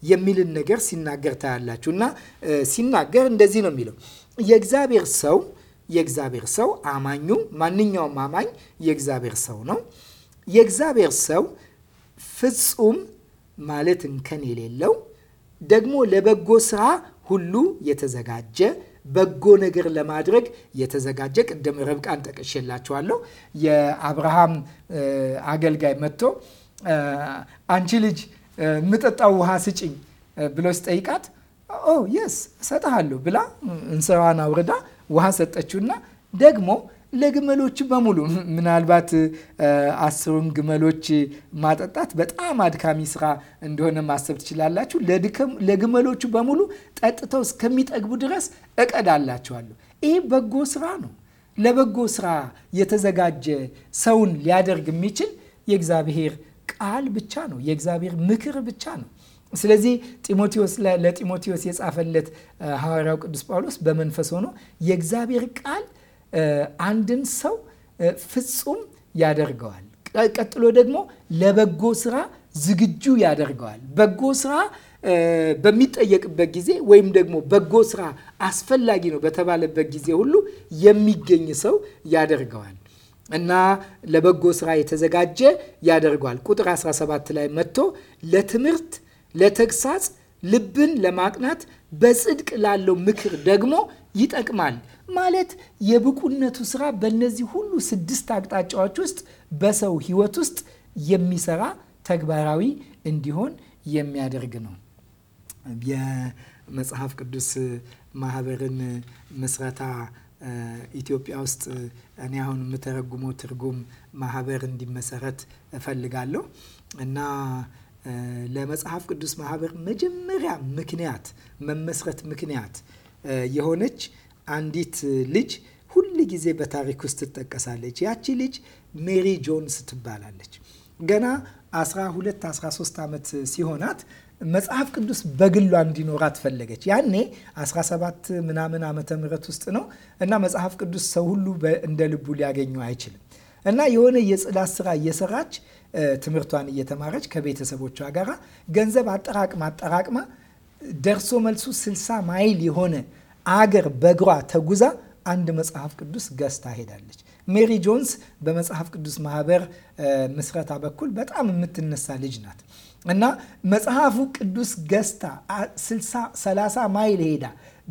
የሚልን ነገር ሲናገር ታያላችሁ። እና ሲናገር እንደዚህ ነው የሚለው የእግዚአብሔር ሰው የእግዚአብሔር ሰው አማኙ ማንኛውም አማኝ የእግዚአብሔር ሰው ነው። የእግዚአብሔር ሰው ፍጹም ማለት እንከን የሌለው ደግሞ ለበጎ ስራ ሁሉ የተዘጋጀ በጎ ነገር ለማድረግ የተዘጋጀ ቅድም ርብቃን ጠቅሼላችኋለሁ። የአብርሃም አገልጋይ መጥቶ አንቺ ልጅ የምጠጣው ውሃ ስጭኝ ብሎ ስጠይቃት ኦ የስ እሰጥሃለሁ ብላ እንስራዋን አውርዳ ውሃ ሰጠችውና ደግሞ ለግመሎች በሙሉ ምናልባት አስሩን ግመሎች ማጠጣት በጣም አድካሚ ስራ እንደሆነ ማሰብ ትችላላችሁ። ለግመሎቹ በሙሉ ጠጥተው እስከሚጠግቡ ድረስ እቀዳላችኋለሁ። ይህ በጎ ስራ ነው። ለበጎ ስራ የተዘጋጀ ሰውን ሊያደርግ የሚችል የእግዚአብሔር ቃል ብቻ ነው፣ የእግዚአብሔር ምክር ብቻ ነው። ስለዚህ ጢሞቴዎስ ለጢሞቴዎስ የጻፈለት ሐዋርያው ቅዱስ ጳውሎስ በመንፈስ ሆኖ የእግዚአብሔር ቃል አንድን ሰው ፍጹም ያደርገዋል። ቀጥሎ ደግሞ ለበጎ ስራ ዝግጁ ያደርገዋል። በጎ ስራ በሚጠየቅበት ጊዜ ወይም ደግሞ በጎ ስራ አስፈላጊ ነው በተባለበት ጊዜ ሁሉ የሚገኝ ሰው ያደርገዋል እና ለበጎ ስራ የተዘጋጀ ያደርገዋል። ቁጥር 17 ላይ መጥቶ ለትምህርት፣ ለተግሳጽ ልብን ለማቅናት በጽድቅ ላለው ምክር ደግሞ ይጠቅማል። ማለት የብቁነቱ ስራ በእነዚህ ሁሉ ስድስት አቅጣጫዎች ውስጥ በሰው ህይወት ውስጥ የሚሰራ ተግባራዊ እንዲሆን የሚያደርግ ነው። የመጽሐፍ ቅዱስ ማህበርን ምስረታ ኢትዮጵያ ውስጥ እኔ አሁን የምተረጉመው ትርጉም ማህበር እንዲመሰረት እፈልጋለሁ እና ለመጽሐፍ ቅዱስ ማህበር መጀመሪያ ምክንያት መመስረት ምክንያት የሆነች አንዲት ልጅ ሁል ጊዜ በታሪክ ውስጥ ትጠቀሳለች። ያቺ ልጅ ሜሪ ጆንስ ትባላለች። ገና 12 13 ዓመት ሲሆናት መጽሐፍ ቅዱስ በግሏ እንዲኖራት ፈለገች። ያኔ 17 ምናምን ዓመተ ምህረት ውስጥ ነው እና መጽሐፍ ቅዱስ ሰው ሁሉ እንደ ልቡ ሊያገኘው አይችልም እና የሆነ የጽዳት ስራ እየሰራች ትምህርቷን እየተማረች ከቤተሰቦቿ ጋር ገንዘብ አጠራቅማ አጠራቅማ ደርሶ መልሱ 60 ማይል የሆነ አገር በእግሯ ተጉዛ አንድ መጽሐፍ ቅዱስ ገዝታ ሄዳለች። ሜሪ ጆንስ በመጽሐፍ ቅዱስ ማህበር ምስረታ በኩል በጣም የምትነሳ ልጅ ናት እና መጽሐፉ ቅዱስ ገዝታ 30 ማይል ሄዳ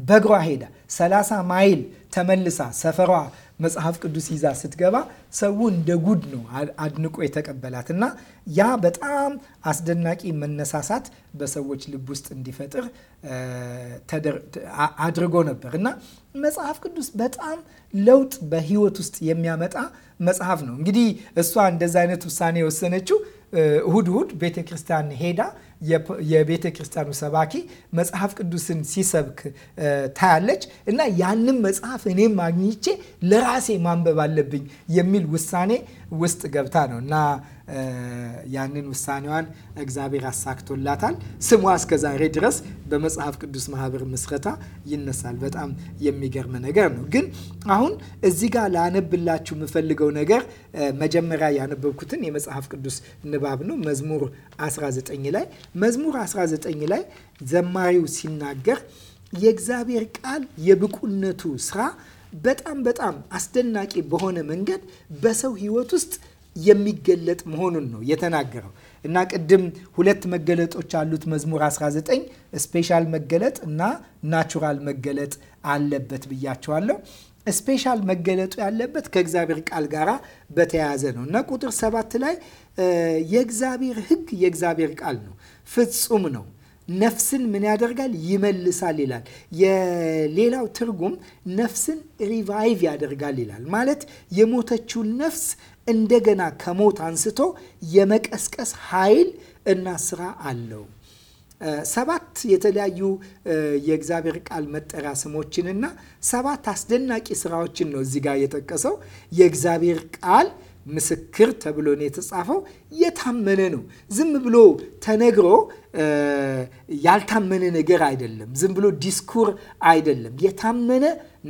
በእግሯ ሄዳ 30 ማይል ተመልሳ ሰፈሯ መጽሐፍ ቅዱስ ይዛ ስትገባ ሰው እንደ ጉድ ነው አድንቆ የተቀበላት እና ያ በጣም አስደናቂ መነሳሳት በሰዎች ልብ ውስጥ እንዲፈጥር አድርጎ ነበር እና መጽሐፍ ቅዱስ በጣም ለውጥ በህይወት ውስጥ የሚያመጣ መጽሐፍ ነው። እንግዲህ እሷ እንደዚ አይነት ውሳኔ የወሰነችው እሁድ እሁድ ቤተ ክርስቲያን ሄዳ የቤተ ክርስቲያኑ ሰባኪ መጽሐፍ ቅዱስን ሲሰብክ ታያለች እና ያንም መጽሐፍ እኔም ማግኝቼ ለራሴ ማንበብ አለብኝ የሚል ውሳኔ ውስጥ ገብታ ነው እና ያንን ውሳኔዋን እግዚአብሔር አሳክቶላታል። ስሟ እስከ ዛሬ ድረስ በመጽሐፍ ቅዱስ ማህበር ምስረታ ይነሳል። በጣም የሚገርም ነገር ነው። ግን አሁን እዚህ ጋር ላነብላችሁ የምፈልገው ነገር መጀመሪያ ያነበብኩትን የመጽሐፍ ቅዱስ ንባብ ነው። መዝሙር 19 ላይ መዝሙር 19 ላይ ዘማሪው ሲናገር የእግዚአብሔር ቃል የብቁነቱ ስራ በጣም በጣም አስደናቂ በሆነ መንገድ በሰው ህይወት ውስጥ የሚገለጥ መሆኑን ነው የተናገረው። እና ቅድም ሁለት መገለጦች አሉት መዝሙር 19 ስፔሻል መገለጥ እና ናቹራል መገለጥ አለበት ብያቸዋለሁ። ስፔሻል መገለጡ ያለበት ከእግዚአብሔር ቃል ጋር በተያያዘ ነው እና ቁጥር ሰባት ላይ የእግዚአብሔር ሕግ የእግዚአብሔር ቃል ነው፣ ፍጹም ነው ነፍስን ምን ያደርጋል? ይመልሳል ይላል። የሌላው ትርጉም ነፍስን ሪቫይቭ ያደርጋል ይላል። ማለት የሞተችውን ነፍስ እንደገና ከሞት አንስቶ የመቀስቀስ ኃይል እና ስራ አለው። ሰባት የተለያዩ የእግዚአብሔር ቃል መጠሪያ ስሞችንና ሰባት አስደናቂ ስራዎችን ነው እዚህ ጋር የጠቀሰው። የእግዚአብሔር ቃል ምስክር ተብሎ ነው የተጻፈው። የታመነ ነው። ዝም ብሎ ተነግሮ ያልታመነ ነገር አይደለም። ዝም ብሎ ዲስኩር አይደለም። የታመነ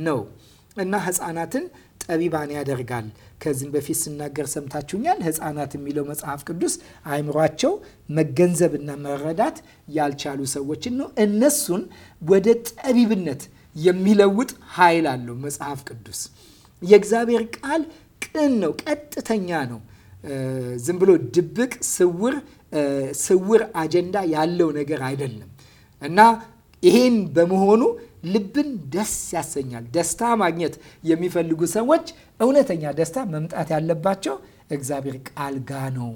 ነው እና ህፃናትን ጠቢባን ያደርጋል ከዚህም በፊት ስናገር ሰምታችሁኛል። ህፃናት የሚለው መጽሐፍ ቅዱስ አእምሯቸው መገንዘብና መረዳት ያልቻሉ ሰዎችን ነው። እነሱን ወደ ጠቢብነት የሚለውጥ ኃይል አለው መጽሐፍ ቅዱስ። የእግዚአብሔር ቃል ቅን ነው፣ ቀጥተኛ ነው። ዝም ብሎ ድብቅ ስውር ስውር አጀንዳ ያለው ነገር አይደለም እና ይሄን በመሆኑ ልብን ደስ ያሰኛል። ደስታ ማግኘት የሚፈልጉ ሰዎች እውነተኛ ደስታ መምጣት ያለባቸው እግዚአብሔር ቃል ጋ ነው።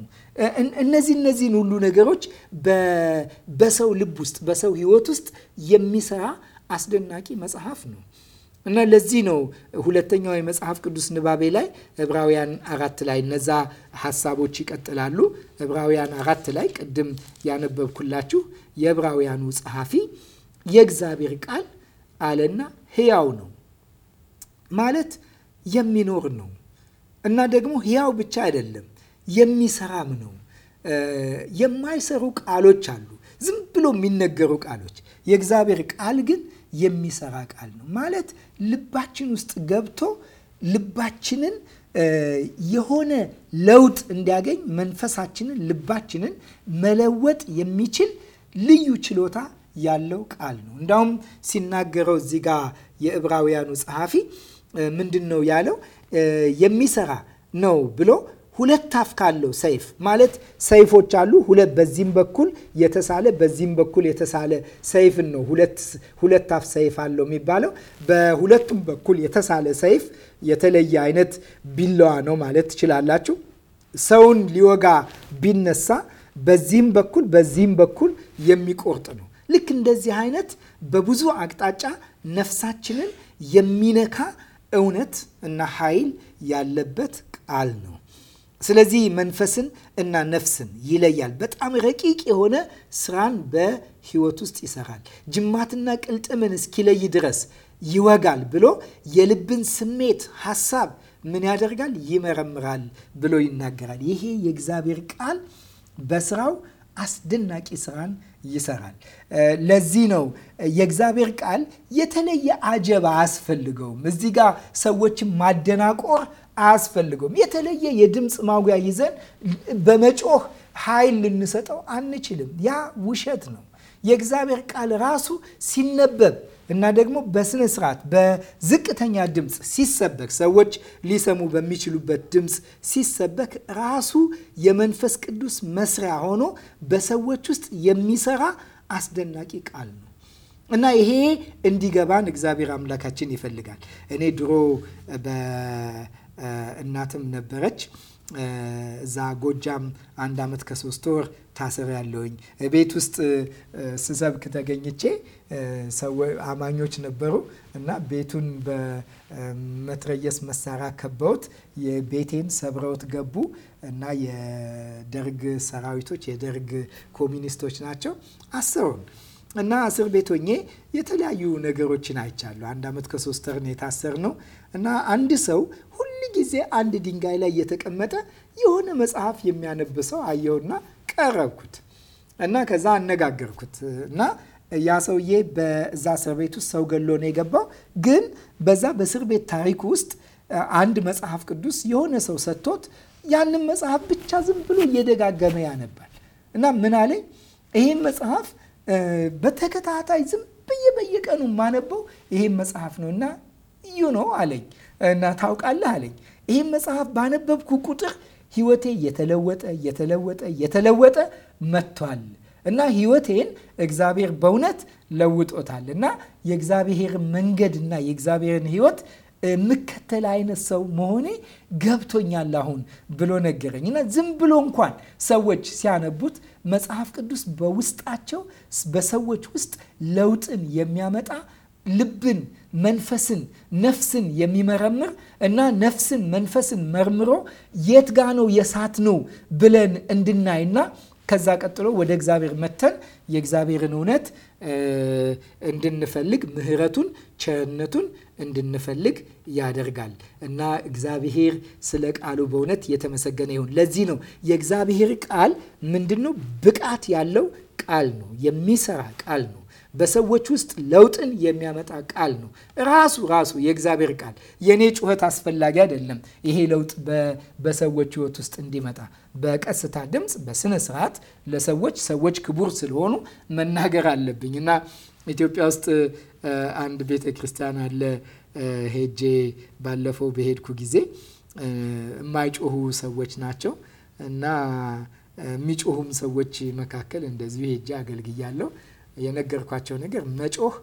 እነዚህ እነዚህን ሁሉ ነገሮች በሰው ልብ ውስጥ በሰው ሕይወት ውስጥ የሚሰራ አስደናቂ መጽሐፍ ነው እና ለዚህ ነው ሁለተኛው የመጽሐፍ ቅዱስ ንባቤ ላይ ዕብራውያን አራት ላይ እነዛ ሀሳቦች ይቀጥላሉ። ዕብራውያን አራት ላይ ቅድም ያነበብኩላችሁ የዕብራውያኑ ጸሐፊ የእግዚአብሔር ቃል አለና ህያው ነው ማለት የሚኖር ነው እና ደግሞ ህያው ብቻ አይደለም የሚሰራም ነው። የማይሰሩ ቃሎች አሉ፣ ዝም ብሎ የሚነገሩ ቃሎች። የእግዚአብሔር ቃል ግን የሚሰራ ቃል ነው ማለት ልባችን ውስጥ ገብቶ ልባችንን የሆነ ለውጥ እንዲያገኝ መንፈሳችንን፣ ልባችንን መለወጥ የሚችል ልዩ ችሎታ ያለው ቃል ነው። እንዳውም ሲናገረው እዚህ ጋ የዕብራውያኑ ጸሐፊ ምንድን ነው ያለው? የሚሰራ ነው ብሎ ሁለት አፍ ካለው ሰይፍ ማለት ሰይፎች አሉ። ሁለት በዚህም በኩል የተሳለ በዚህም በኩል የተሳለ ሰይፍን ነው ሁለት አፍ ሰይፍ አለው የሚባለው። በሁለቱም በኩል የተሳለ ሰይፍ የተለየ አይነት ቢላዋ ነው ማለት ትችላላችሁ። ሰውን ሊወጋ ቢነሳ በዚህም በኩል በዚህም በኩል የሚቆርጥ ነው። ልክ እንደዚህ አይነት በብዙ አቅጣጫ ነፍሳችንን የሚነካ እውነት እና ኃይል ያለበት ቃል ነው። ስለዚህ መንፈስን እና ነፍስን ይለያል። በጣም ረቂቅ የሆነ ስራን በህይወት ውስጥ ይሰራል። ጅማትና ቅልጥምን እስኪለይ ድረስ ይወጋል ብሎ የልብን ስሜት፣ ሀሳብ ምን ያደርጋል? ይመረምራል ብሎ ይናገራል። ይሄ የእግዚአብሔር ቃል በስራው አስደናቂ ስራን ይሰራል። ለዚህ ነው የእግዚአብሔር ቃል የተለየ አጀባ አያስፈልገውም። እዚህ ጋር ሰዎችን ማደናቆር አያስፈልገውም። የተለየ የድምፅ ማጉያ ይዘን በመጮህ ኃይል ልንሰጠው አንችልም። ያ ውሸት ነው። የእግዚአብሔር ቃል ራሱ ሲነበብ እና ደግሞ በስነ ስርዓት በዝቅተኛ ድምፅ ሲሰበክ ሰዎች ሊሰሙ በሚችሉበት ድምፅ ሲሰበክ ራሱ የመንፈስ ቅዱስ መስሪያ ሆኖ በሰዎች ውስጥ የሚሰራ አስደናቂ ቃል ነው እና ይሄ እንዲገባን እግዚአብሔር አምላካችን ይፈልጋል። እኔ ድሮ በእናትም ነበረች እዛ ጎጃም አንድ ዓመት ከሶስት ወር ታስር ያለውኝ ቤት ውስጥ ስሰብክ ተገኝቼ አማኞች ነበሩ እና ቤቱን በመትረየስ መሳሪያ ከበውት የቤቴን ሰብረውት ገቡ እና የደርግ ሰራዊቶች የደርግ ኮሚኒስቶች ናቸው አስሩን እና እስር ቤት ሆኜ የተለያዩ ነገሮችን አይቻሉ። አንድ ዓመት ከሶስት ወር ነው የታሰር ነው። እና አንድ ሰው ሁል ጊዜ አንድ ድንጋይ ላይ እየተቀመጠ የሆነ መጽሐፍ የሚያነብ ሰው አየውና ቀረብኩት እና ከዛ አነጋገርኩት እና ያ ሰውዬ በዛ እስር ቤት ውስጥ ሰው ገሎ ነው የገባው። ግን በዛ በእስር ቤት ታሪክ ውስጥ አንድ መጽሐፍ ቅዱስ የሆነ ሰው ሰጥቶት ያንን መጽሐፍ ብቻ ዝም ብሎ እየደጋገመ ያነባል እና ምን አለኝ፣ ይሄን መጽሐፍ በተከታታይ ዝም ብዬ በየቀኑ ማነበው ይሄን መጽሐፍ ነው እና ዩ ነው አለኝ እና ታውቃለህ አለኝ። ይህም መጽሐፍ ባነበብኩ ቁጥር ህይወቴ የተለወጠ የተለወጠ የተለወጠ መጥቷል እና ህይወቴን እግዚአብሔር በእውነት ለውጦታል እና የእግዚአብሔር መንገድ እና የእግዚአብሔርን ህይወት የምከተል አይነት ሰው መሆኔ ገብቶኛል አሁን ብሎ ነገረኝ እና ዝም ብሎ እንኳን ሰዎች ሲያነቡት መጽሐፍ ቅዱስ በውስጣቸው በሰዎች ውስጥ ለውጥን የሚያመጣ ልብን መንፈስን ነፍስን የሚመረምር እና ነፍስን መንፈስን መርምሮ የት ጋ ነው የሳት ነው ብለን እንድናይና ከዛ ቀጥሎ ወደ እግዚአብሔር መተን የእግዚአብሔርን እውነት እንድንፈልግ ምሕረቱን ቸርነቱን እንድንፈልግ ያደርጋል እና እግዚአብሔር ስለ ቃሉ በእውነት የተመሰገነ ይሁን። ለዚህ ነው የእግዚአብሔር ቃል ምንድን ነው? ብቃት ያለው ቃል ነው። የሚሰራ ቃል ነው። በሰዎች ውስጥ ለውጥን የሚያመጣ ቃል ነው። ራሱ ራሱ የእግዚአብሔር ቃል የእኔ ጩኸት አስፈላጊ አይደለም። ይሄ ለውጥ በሰዎች ህይወት ውስጥ እንዲመጣ በቀስታ ድምፅ፣ በስነ ስርዓት ለሰዎች ሰዎች ክቡር ስለሆኑ መናገር አለብኝ እና ኢትዮጵያ ውስጥ አንድ ቤተ ክርስቲያን አለ። ሄጄ ባለፈው በሄድኩ ጊዜ የማይጮሁ ሰዎች ናቸው እና የሚጮሁም ሰዎች መካከል እንደዚሁ ሄጄ አገልግያለሁ። የነገርኳቸው ነገር መጮህ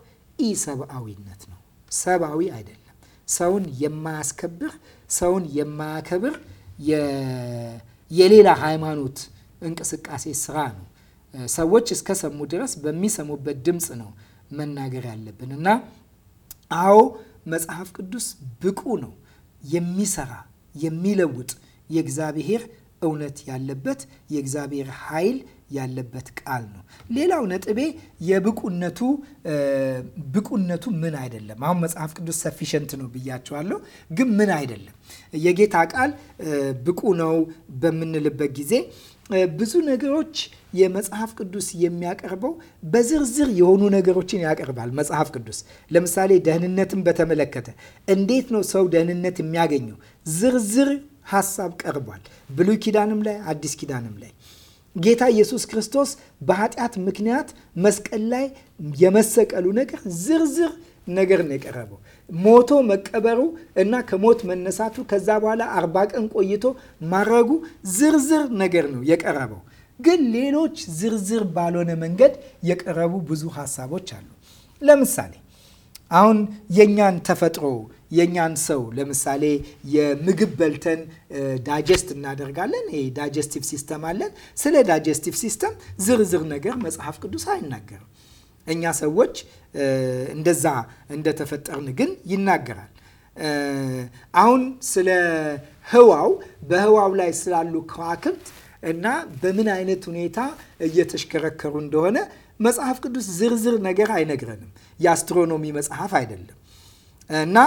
ኢሰብአዊነት ነው። ሰብአዊ አይደለም። ሰውን የማያስከብር ሰውን የማያከብር የሌላ ሃይማኖት እንቅስቃሴ ስራ ነው። ሰዎች እስከ ሰሙ ድረስ በሚሰሙበት ድምፅ ነው መናገር ያለብን እና አዎ መጽሐፍ ቅዱስ ብቁ ነው የሚሰራ የሚለውጥ የእግዚአብሔር እውነት ያለበት የእግዚአብሔር ኃይል ያለበት ቃል ነው። ሌላው ነጥቤ የብቁነቱ ብቁነቱ ምን አይደለም። አሁን መጽሐፍ ቅዱስ ሰፊሸንት ነው ብያቸዋለሁ፣ ግን ምን አይደለም። የጌታ ቃል ብቁ ነው በምንልበት ጊዜ ብዙ ነገሮች የመጽሐፍ ቅዱስ የሚያቀርበው በዝርዝር የሆኑ ነገሮችን ያቀርባል። መጽሐፍ ቅዱስ ለምሳሌ ደህንነትን በተመለከተ እንዴት ነው ሰው ደህንነት የሚያገኘው? ዝርዝር ሀሳብ ቀርቧል። ብሉይ ኪዳንም ላይ አዲስ ኪዳንም ላይ ጌታ ኢየሱስ ክርስቶስ በኃጢአት ምክንያት መስቀል ላይ የመሰቀሉ ነገር ዝርዝር ነገር ነው የቀረበው። ሞቶ መቀበሩ እና ከሞት መነሳቱ፣ ከዛ በኋላ አርባ ቀን ቆይቶ ማረጉ ዝርዝር ነገር ነው የቀረበው። ግን ሌሎች ዝርዝር ባልሆነ መንገድ የቀረቡ ብዙ ሀሳቦች አሉ። ለምሳሌ አሁን የእኛን ተፈጥሮ የእኛን ሰው ለምሳሌ የምግብ በልተን ዳጀስት እናደርጋለን። ይሄ ዳጀስቲቭ ሲስተም አለን። ስለ ዳጀስቲቭ ሲስተም ዝርዝር ነገር መጽሐፍ ቅዱስ አይናገርም። እኛ ሰዎች እንደዛ እንደተፈጠርን ግን ይናገራል። አሁን ስለ ህዋው በህዋው ላይ ስላሉ ከዋክብት እና በምን አይነት ሁኔታ እየተሽከረከሩ እንደሆነ መጽሐፍ ቅዱስ ዝርዝር ነገር አይነግረንም። የአስትሮኖሚ መጽሐፍ አይደለም። እና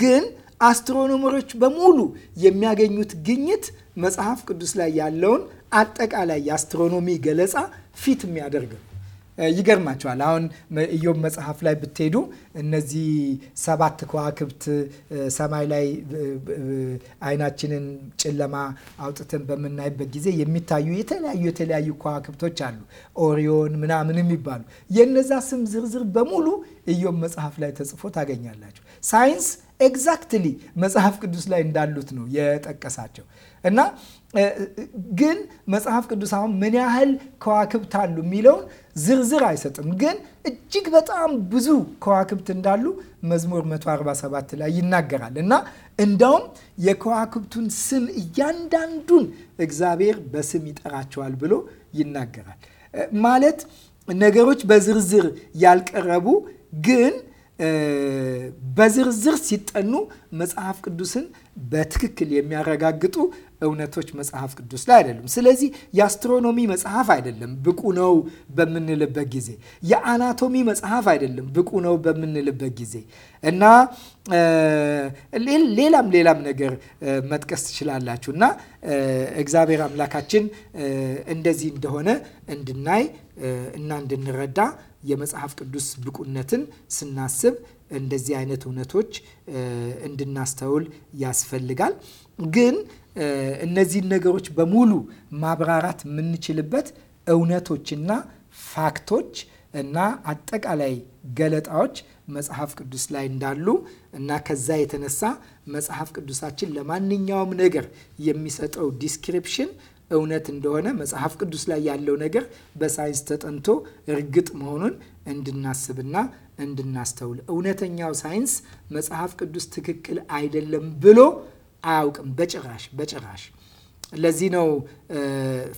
ግን አስትሮኖመሮች በሙሉ የሚያገኙት ግኝት መጽሐፍ ቅዱስ ላይ ያለውን አጠቃላይ የአስትሮኖሚ ገለጻ ፊት የሚያደርግ ነው። ይገርማቸዋል። አሁን ኢዮብ መጽሐፍ ላይ ብትሄዱ እነዚህ ሰባት ከዋክብት ሰማይ ላይ አይናችንን ጨለማ አውጥተን በምናይበት ጊዜ የሚታዩ የተለያዩ የተለያዩ ከዋክብቶች አሉ። ኦሪዮን ምናምን የሚባሉ የነዛ ስም ዝርዝር በሙሉ ኢዮብ መጽሐፍ ላይ ተጽፎ ታገኛላችሁ። ሳይንስ ኤግዛክትሊ መጽሐፍ ቅዱስ ላይ እንዳሉት ነው የጠቀሳቸው እና ግን መጽሐፍ ቅዱስ አሁን ምን ያህል ከዋክብት አሉ የሚለውን ዝርዝር አይሰጥም፣ ግን እጅግ በጣም ብዙ ከዋክብት እንዳሉ መዝሙር 147 ላይ ይናገራል እና እንዳውም የከዋክብቱን ስም እያንዳንዱን እግዚአብሔር በስም ይጠራቸዋል ብሎ ይናገራል። ማለት ነገሮች በዝርዝር ያልቀረቡ ግን በዝርዝር ሲጠኑ መጽሐፍ ቅዱስን በትክክል የሚያረጋግጡ እውነቶች መጽሐፍ ቅዱስ ላይ አይደሉም። ስለዚህ የአስትሮኖሚ መጽሐፍ አይደለም ብቁ ነው በምንልበት ጊዜ፣ የአናቶሚ መጽሐፍ አይደለም ብቁ ነው በምንልበት ጊዜ እና ሌላም ሌላም ነገር መጥቀስ ትችላላችሁ እና እግዚአብሔር አምላካችን እንደዚህ እንደሆነ እንድናይ እና እንድንረዳ የመጽሐፍ ቅዱስ ብቁነትን ስናስብ እንደዚህ አይነት እውነቶች እንድናስተውል ያስፈልጋል ግን እነዚህን ነገሮች በሙሉ ማብራራት የምንችልበት እውነቶችና ፋክቶች እና አጠቃላይ ገለጣዎች መጽሐፍ ቅዱስ ላይ እንዳሉ እና ከዛ የተነሳ መጽሐፍ ቅዱሳችን ለማንኛውም ነገር የሚሰጠው ዲስክሪፕሽን እውነት እንደሆነ መጽሐፍ ቅዱስ ላይ ያለው ነገር በሳይንስ ተጠንቶ እርግጥ መሆኑን እንድናስብና እንድናስተውል እውነተኛው ሳይንስ መጽሐፍ ቅዱስ ትክክል አይደለም ብሎ አያውቅም በጭራሽ በጭራሽ። ለዚህ ነው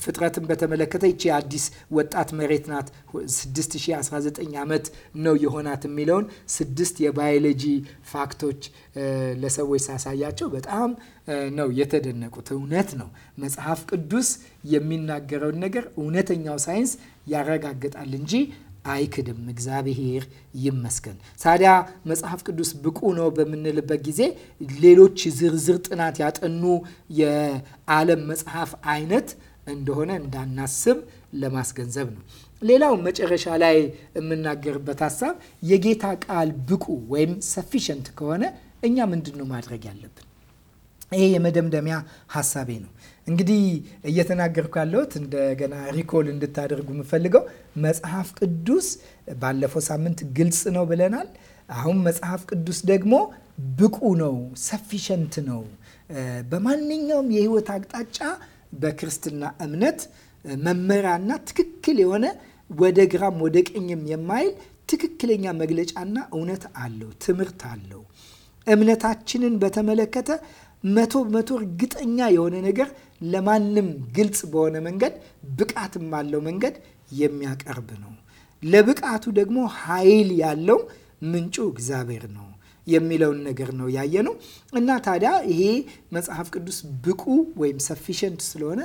ፍጥረትን በተመለከተ ይቺ አዲስ ወጣት መሬት ናት 6019 ዓመት ነው የሆናት የሚለውን ስድስት የባዮሎጂ ፋክቶች ለሰዎች ሳሳያቸው በጣም ነው የተደነቁት። እውነት ነው መጽሐፍ ቅዱስ የሚናገረውን ነገር እውነተኛው ሳይንስ ያረጋግጣል እንጂ አይክድም። እግዚአብሔር ይመስገን። ታዲያ መጽሐፍ ቅዱስ ብቁ ነው በምንልበት ጊዜ ሌሎች ዝርዝር ጥናት ያጠኑ የዓለም መጽሐፍ አይነት እንደሆነ እንዳናስብ ለማስገንዘብ ነው። ሌላው መጨረሻ ላይ የምናገርበት ሀሳብ የጌታ ቃል ብቁ ወይም ሰፊሸንት ከሆነ እኛ ምንድን ነው ማድረግ ያለብን? ይሄ የመደምደሚያ ሀሳቤ ነው። እንግዲህ እየተናገርኩ ያለሁት እንደገና ሪኮል እንድታደርጉ የምፈልገው መጽሐፍ ቅዱስ ባለፈው ሳምንት ግልጽ ነው ብለናል። አሁን መጽሐፍ ቅዱስ ደግሞ ብቁ ነው፣ ሰፊሸንት ነው። በማንኛውም የህይወት አቅጣጫ በክርስትና እምነት መመሪያና ትክክል የሆነ ወደ ግራም ወደ ቀኝም የማይል ትክክለኛ መግለጫና እውነት አለው፣ ትምህርት አለው። እምነታችንን በተመለከተ መቶ በመቶ እርግጠኛ የሆነ ነገር ለማንም ግልጽ በሆነ መንገድ ብቃትም ባለው መንገድ የሚያቀርብ ነው። ለብቃቱ ደግሞ ኃይል ያለው ምንጩ እግዚአብሔር ነው የሚለውን ነገር ነው ያየ ነው እና ታዲያ ይሄ መጽሐፍ ቅዱስ ብቁ ወይም ሰፊሸንት ስለሆነ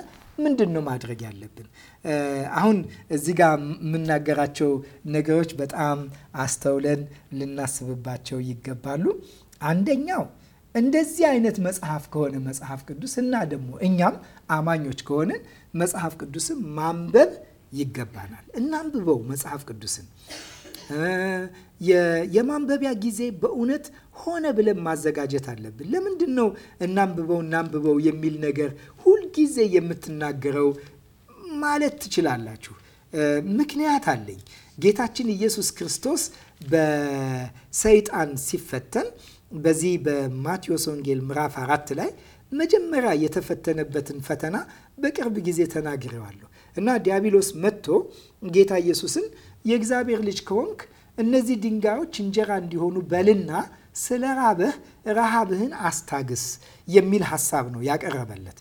ምንድን ነው ማድረግ ያለብን? አሁን እዚህ ጋር የምናገራቸው ነገሮች በጣም አስተውለን ልናስብባቸው ይገባሉ። አንደኛው እንደዚህ አይነት መጽሐፍ ከሆነ መጽሐፍ ቅዱስ እና ደግሞ እኛም አማኞች ከሆነ መጽሐፍ ቅዱስን ማንበብ ይገባናል። እናንብበው መጽሐፍ ቅዱስን። የማንበቢያ ጊዜ በእውነት ሆነ ብለን ማዘጋጀት አለብን። ለምንድን ነው እናንብበው እናንብበው የሚል ነገር ሁልጊዜ የምትናገረው ማለት ትችላላችሁ። ምክንያት አለኝ። ጌታችን ኢየሱስ ክርስቶስ በሰይጣን ሲፈተን በዚህ በማቴዎስ ወንጌል ምዕራፍ አራት ላይ መጀመሪያ የተፈተነበትን ፈተና በቅርብ ጊዜ ተናግሬዋለሁ እና ዲያብሎስ መጥቶ ጌታ ኢየሱስን የእግዚአብሔር ልጅ ከሆንክ እነዚህ ድንጋዮች እንጀራ እንዲሆኑ በልና ስለ ራበህ ረሃብህን አስታግስ የሚል ሀሳብ ነው ያቀረበለት።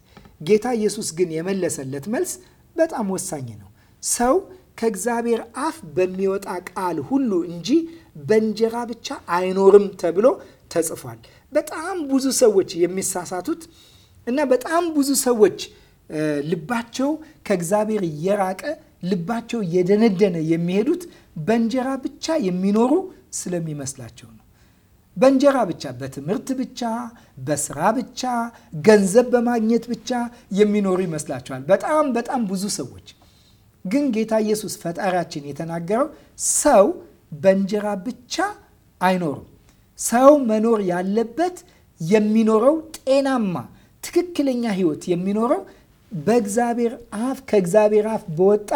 ጌታ ኢየሱስ ግን የመለሰለት መልስ በጣም ወሳኝ ነው። ሰው ከእግዚአብሔር አፍ በሚወጣ ቃል ሁሉ እንጂ በእንጀራ ብቻ አይኖርም ተብሎ ተጽፏል። በጣም ብዙ ሰዎች የሚሳሳቱት እና በጣም ብዙ ሰዎች ልባቸው ከእግዚአብሔር እየራቀ ልባቸው እየደነደነ የሚሄዱት በእንጀራ ብቻ የሚኖሩ ስለሚመስላቸው ነው። በእንጀራ ብቻ፣ በትምህርት ብቻ፣ በስራ ብቻ፣ ገንዘብ በማግኘት ብቻ የሚኖሩ ይመስላቸዋል። በጣም በጣም ብዙ ሰዎች ግን ጌታ ኢየሱስ ፈጣሪያችን የተናገረው ሰው በእንጀራ ብቻ አይኖርም ሰው መኖር ያለበት የሚኖረው ጤናማ ትክክለኛ ህይወት የሚኖረው በእግዚአብሔር አፍ ከእግዚአብሔር አፍ በወጣ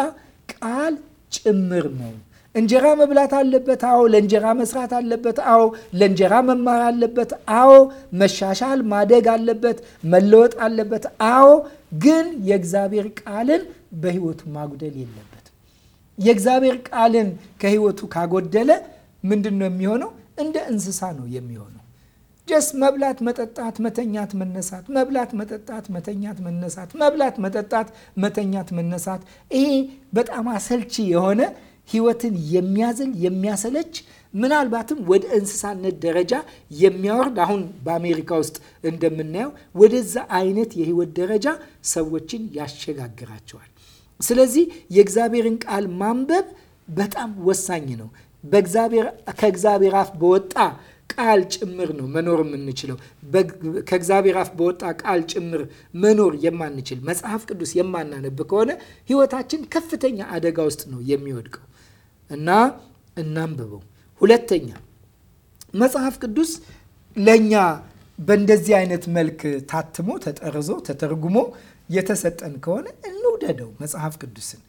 ቃል ጭምር ነው። እንጀራ መብላት አለበት። አዎ፣ ለእንጀራ መስራት አለበት። አዎ፣ ለእንጀራ መማር አለበት። አዎ፣ መሻሻል ማደግ አለበት፣ መለወጥ አለበት። አዎ፣ ግን የእግዚአብሔር ቃልን በህይወቱ ማጉደል የለበትም። የእግዚአብሔር ቃልን ከህይወቱ ካጎደለ ምንድን ነው የሚሆነው? እንደ እንስሳ ነው የሚሆነው። ጀስ መብላት፣ መጠጣት፣ መተኛት፣ መነሳት፣ መብላት፣ መጠጣት፣ መተኛት፣ መነሳት፣ መብላት፣ መጠጣት፣ መተኛት፣ መነሳት። ይሄ በጣም አሰልቺ የሆነ ህይወትን የሚያዝል የሚያሰለች ምናልባትም ወደ እንስሳነት ደረጃ የሚያወርድ አሁን በአሜሪካ ውስጥ እንደምናየው ወደዛ አይነት የህይወት ደረጃ ሰዎችን ያሸጋግራቸዋል። ስለዚህ የእግዚአብሔርን ቃል ማንበብ በጣም ወሳኝ ነው። ከእግዚአብሔር አፍ በወጣ ቃል ጭምር ነው መኖር የምንችለው። ከእግዚአብሔር አፍ በወጣ ቃል ጭምር መኖር የማንችል መጽሐፍ ቅዱስ የማናነብ ከሆነ ሕይወታችን ከፍተኛ አደጋ ውስጥ ነው የሚወድቀው እና እናንብበው። ሁለተኛ መጽሐፍ ቅዱስ ለእኛ በእንደዚህ አይነት መልክ ታትሞ ተጠርዞ ተተርጉሞ የተሰጠን ከሆነ እንውደደው። መጽሐፍ ቅዱስን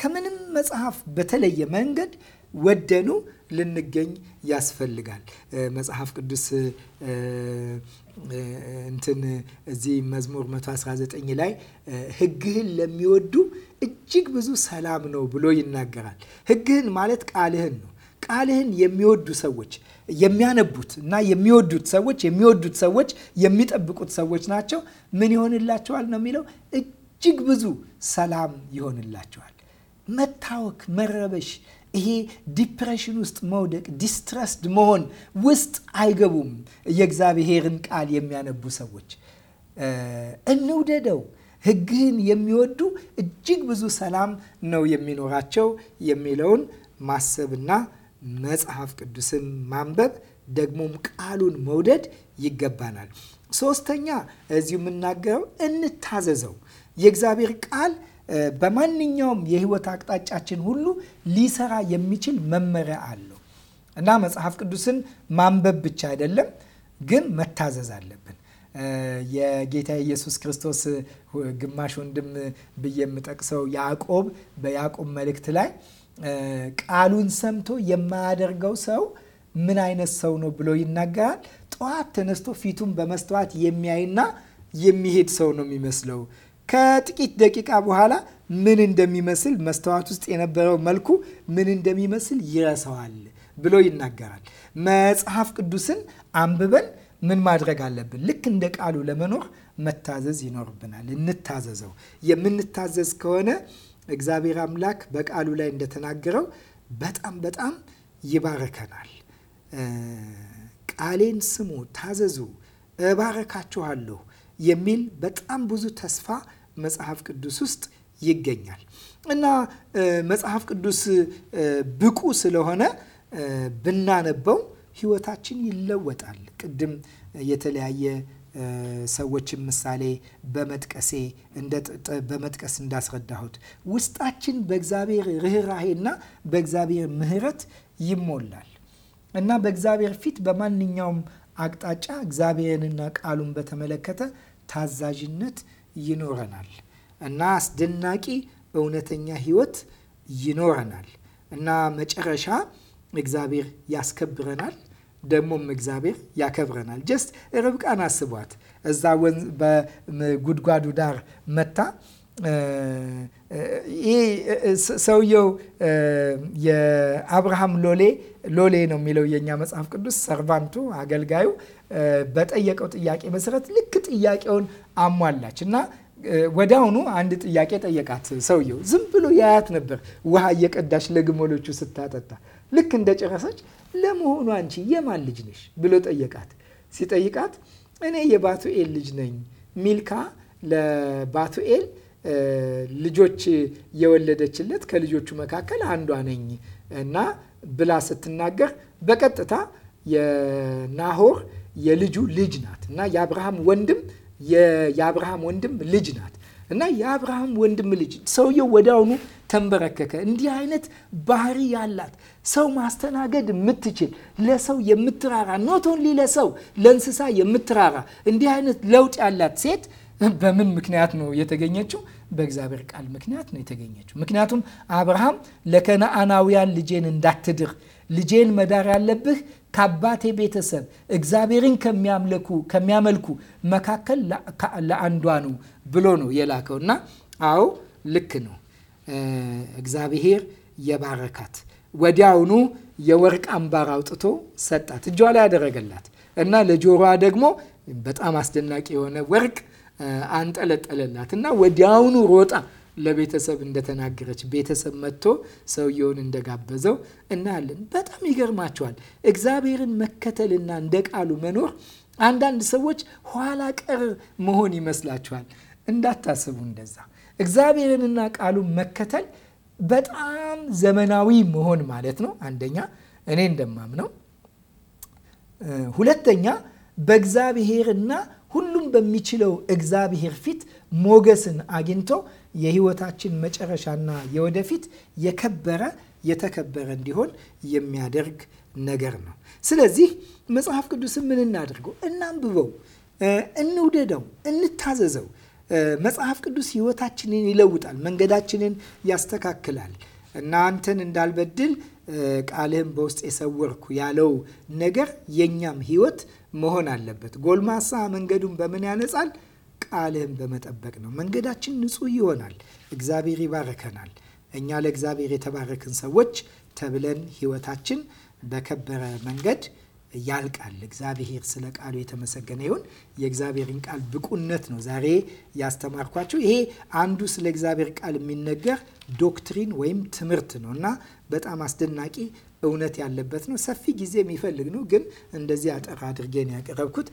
ከምንም መጽሐፍ በተለየ መንገድ ወደኑ ልንገኝ ያስፈልጋል። መጽሐፍ ቅዱስ እንትን እዚህ መዝሙር 119 ላይ ሕግህን ለሚወዱ እጅግ ብዙ ሰላም ነው ብሎ ይናገራል። ሕግህን ማለት ቃልህን ነው። ቃልህን የሚወዱ ሰዎች የሚያነቡት እና የሚወዱት ሰዎች የሚወዱት ሰዎች የሚጠብቁት ሰዎች ናቸው። ምን ይሆንላቸዋል ነው የሚለው እጅግ ብዙ ሰላም ይሆንላቸዋል። መታወክ፣ መረበሽ ይሄ ዲፕሬሽን ውስጥ መውደቅ ዲስትረስድ መሆን ውስጥ አይገቡም። የእግዚአብሔርን ቃል የሚያነቡ ሰዎች እንውደደው ሕግህን የሚወዱ እጅግ ብዙ ሰላም ነው የሚኖራቸው የሚለውን ማሰብና መጽሐፍ ቅዱስን ማንበብ ደግሞም ቃሉን መውደድ ይገባናል። ሶስተኛ እዚሁ የምናገረው እንታዘዘው የእግዚአብሔር ቃል በማንኛውም የህይወት አቅጣጫችን ሁሉ ሊሰራ የሚችል መመሪያ አለው እና መጽሐፍ ቅዱስን ማንበብ ብቻ አይደለም፣ ግን መታዘዝ አለብን። የጌታ ኢየሱስ ክርስቶስ ግማሽ ወንድም ብዬ የምጠቅሰው ያዕቆብ በያዕቆብ መልእክት ላይ ቃሉን ሰምቶ የማያደርገው ሰው ምን አይነት ሰው ነው ብሎ ይናገራል። ጠዋት ተነስቶ ፊቱን በመስተዋት የሚያይና የሚሄድ ሰው ነው የሚመስለው ከጥቂት ደቂቃ በኋላ ምን እንደሚመስል መስተዋት ውስጥ የነበረው መልኩ ምን እንደሚመስል ይረሳዋል ብሎ ይናገራል። መጽሐፍ ቅዱስን አንብበን ምን ማድረግ አለብን? ልክ እንደ ቃሉ ለመኖር መታዘዝ ይኖርብናል። እንታዘዘው። የምንታዘዝ ከሆነ እግዚአብሔር አምላክ በቃሉ ላይ እንደተናገረው በጣም በጣም ይባረከናል። ቃሌን ስሙ፣ ታዘዙ፣ እባረካችኋለሁ የሚል በጣም ብዙ ተስፋ መጽሐፍ ቅዱስ ውስጥ ይገኛል እና መጽሐፍ ቅዱስ ብቁ ስለሆነ ብናነበው ህይወታችን ይለወጣል። ቅድም የተለያየ ሰዎችን ምሳሌ በመጥቀሴ በመጥቀስ እንዳስረዳሁት ውስጣችን በእግዚአብሔር ርኅራሄና በእግዚአብሔር ምሕረት ይሞላል እና በእግዚአብሔር ፊት በማንኛውም አቅጣጫ እግዚአብሔርንና ቃሉን በተመለከተ ታዛዥነት ይኖረናል እና አስደናቂ እውነተኛ ህይወት ይኖረናል እና መጨረሻ እግዚአብሔር ያስከብረናል ደግሞም እግዚአብሔር ያከብረናል። ጀስት ርብቃን አስቧት። እዛ በጉድጓዱ ዳር መታ ይህ ሰውየው የአብርሃም ሎሌ ሎሌ ነው የሚለው የእኛ መጽሐፍ ቅዱስ ሰርቫንቱ አገልጋዩ በጠየቀው ጥያቄ መሰረት ልክ ጥያቄውን አሟላች እና ወዲያውኑ አንድ ጥያቄ ጠየቃት። ሰውየው ዝም ብሎ ያያት ነበር ውሃ እየቀዳች ለግመሎቹ ስታጠጣ። ልክ እንደ ጨረሰች ለመሆኑ አንቺ የማን ልጅ ነሽ ብሎ ጠየቃት። ሲጠይቃት እኔ የባቱኤል ልጅ ነኝ ሚልካ ለባቱኤል ልጆች የወለደችለት ከልጆቹ መካከል አንዷ ነኝ እና ብላ ስትናገር በቀጥታ የናሆር የልጁ ልጅ ናት እና የአብርሃም ወንድም የአብርሃም ወንድም ልጅ ናት እና የአብርሃም ወንድም ልጅ ሰውየው ወዲያውኑ ተንበረከከ። እንዲህ አይነት ባህሪ ያላት ሰው ማስተናገድ የምትችል ለሰው የምትራራ ኖት ኦንሊ ለሰው ለእንስሳ የምትራራ እንዲህ አይነት ለውጥ ያላት ሴት በምን ምክንያት ነው የተገኘችው? በእግዚአብሔር ቃል ምክንያት ነው የተገኘችው። ምክንያቱም አብርሃም ለከነአናውያን ልጄን እንዳትድር ልጄን መዳር ያለብህ ከአባቴ ቤተሰብ እግዚአብሔርን ከሚያምለኩ ከሚያመልኩ መካከል ለአንዷ ነው ብሎ ነው የላከው እና አዎ ልክ ነው። እግዚአብሔር የባረካት ወዲያውኑ የወርቅ አምባር አውጥቶ ሰጣት፣ እጇ ላይ ያደረገላት እና ለጆሮዋ ደግሞ በጣም አስደናቂ የሆነ ወርቅ አንጠለጠለላት እና ወዲያውኑ ሮጣ ለቤተሰብ እንደተናገረች ቤተሰብ መጥቶ ሰውየውን እንደጋበዘው እናያለን። በጣም ይገርማቸዋል። እግዚአብሔርን መከተልና እንደ ቃሉ መኖር አንዳንድ ሰዎች ኋላ ቀር መሆን ይመስላችኋል። እንዳታስቡ እንደዛ። እግዚአብሔርንና ቃሉን መከተል በጣም ዘመናዊ መሆን ማለት ነው። አንደኛ እኔ እንደማምነው፣ ሁለተኛ በእግዚአብሔርና በሚችለው እግዚአብሔር ፊት ሞገስን አግኝቶ የህይወታችን መጨረሻና የወደፊት የከበረ የተከበረ እንዲሆን የሚያደርግ ነገር ነው። ስለዚህ መጽሐፍ ቅዱስን ምን እናድርገው? እናንብበው፣ እንውደደው፣ እንታዘዘው። መጽሐፍ ቅዱስ ህይወታችንን ይለውጣል፣ መንገዳችንን ያስተካክላል እና አንተን እንዳልበድል ቃልህን በውስጥ የሰወርኩ ያለው ነገር የእኛም ህይወት ። መሆን አለበት። ጎልማሳ መንገዱን በምን ያነጻል? ቃልህን በመጠበቅ ነው። መንገዳችን ንጹህ ይሆናል። እግዚአብሔር ይባረከናል። እኛ ለእግዚአብሔር የተባረክን ሰዎች ተብለን ህይወታችን በከበረ መንገድ ያልቃል። እግዚአብሔር ስለ ቃሉ የተመሰገነ ይሁን። የእግዚአብሔርን ቃል ብቁነት ነው ዛሬ ያስተማርኳቸው። ይሄ አንዱ ስለ እግዚአብሔር ቃል የሚነገር ዶክትሪን ወይም ትምህርት ነው እና በጣም አስደናቂ እውነት ያለበት ነው። ሰፊ ጊዜ የሚፈልግ ነው፣ ግን እንደዚህ አጠር አድርጌ ነው ያቀረብኩት።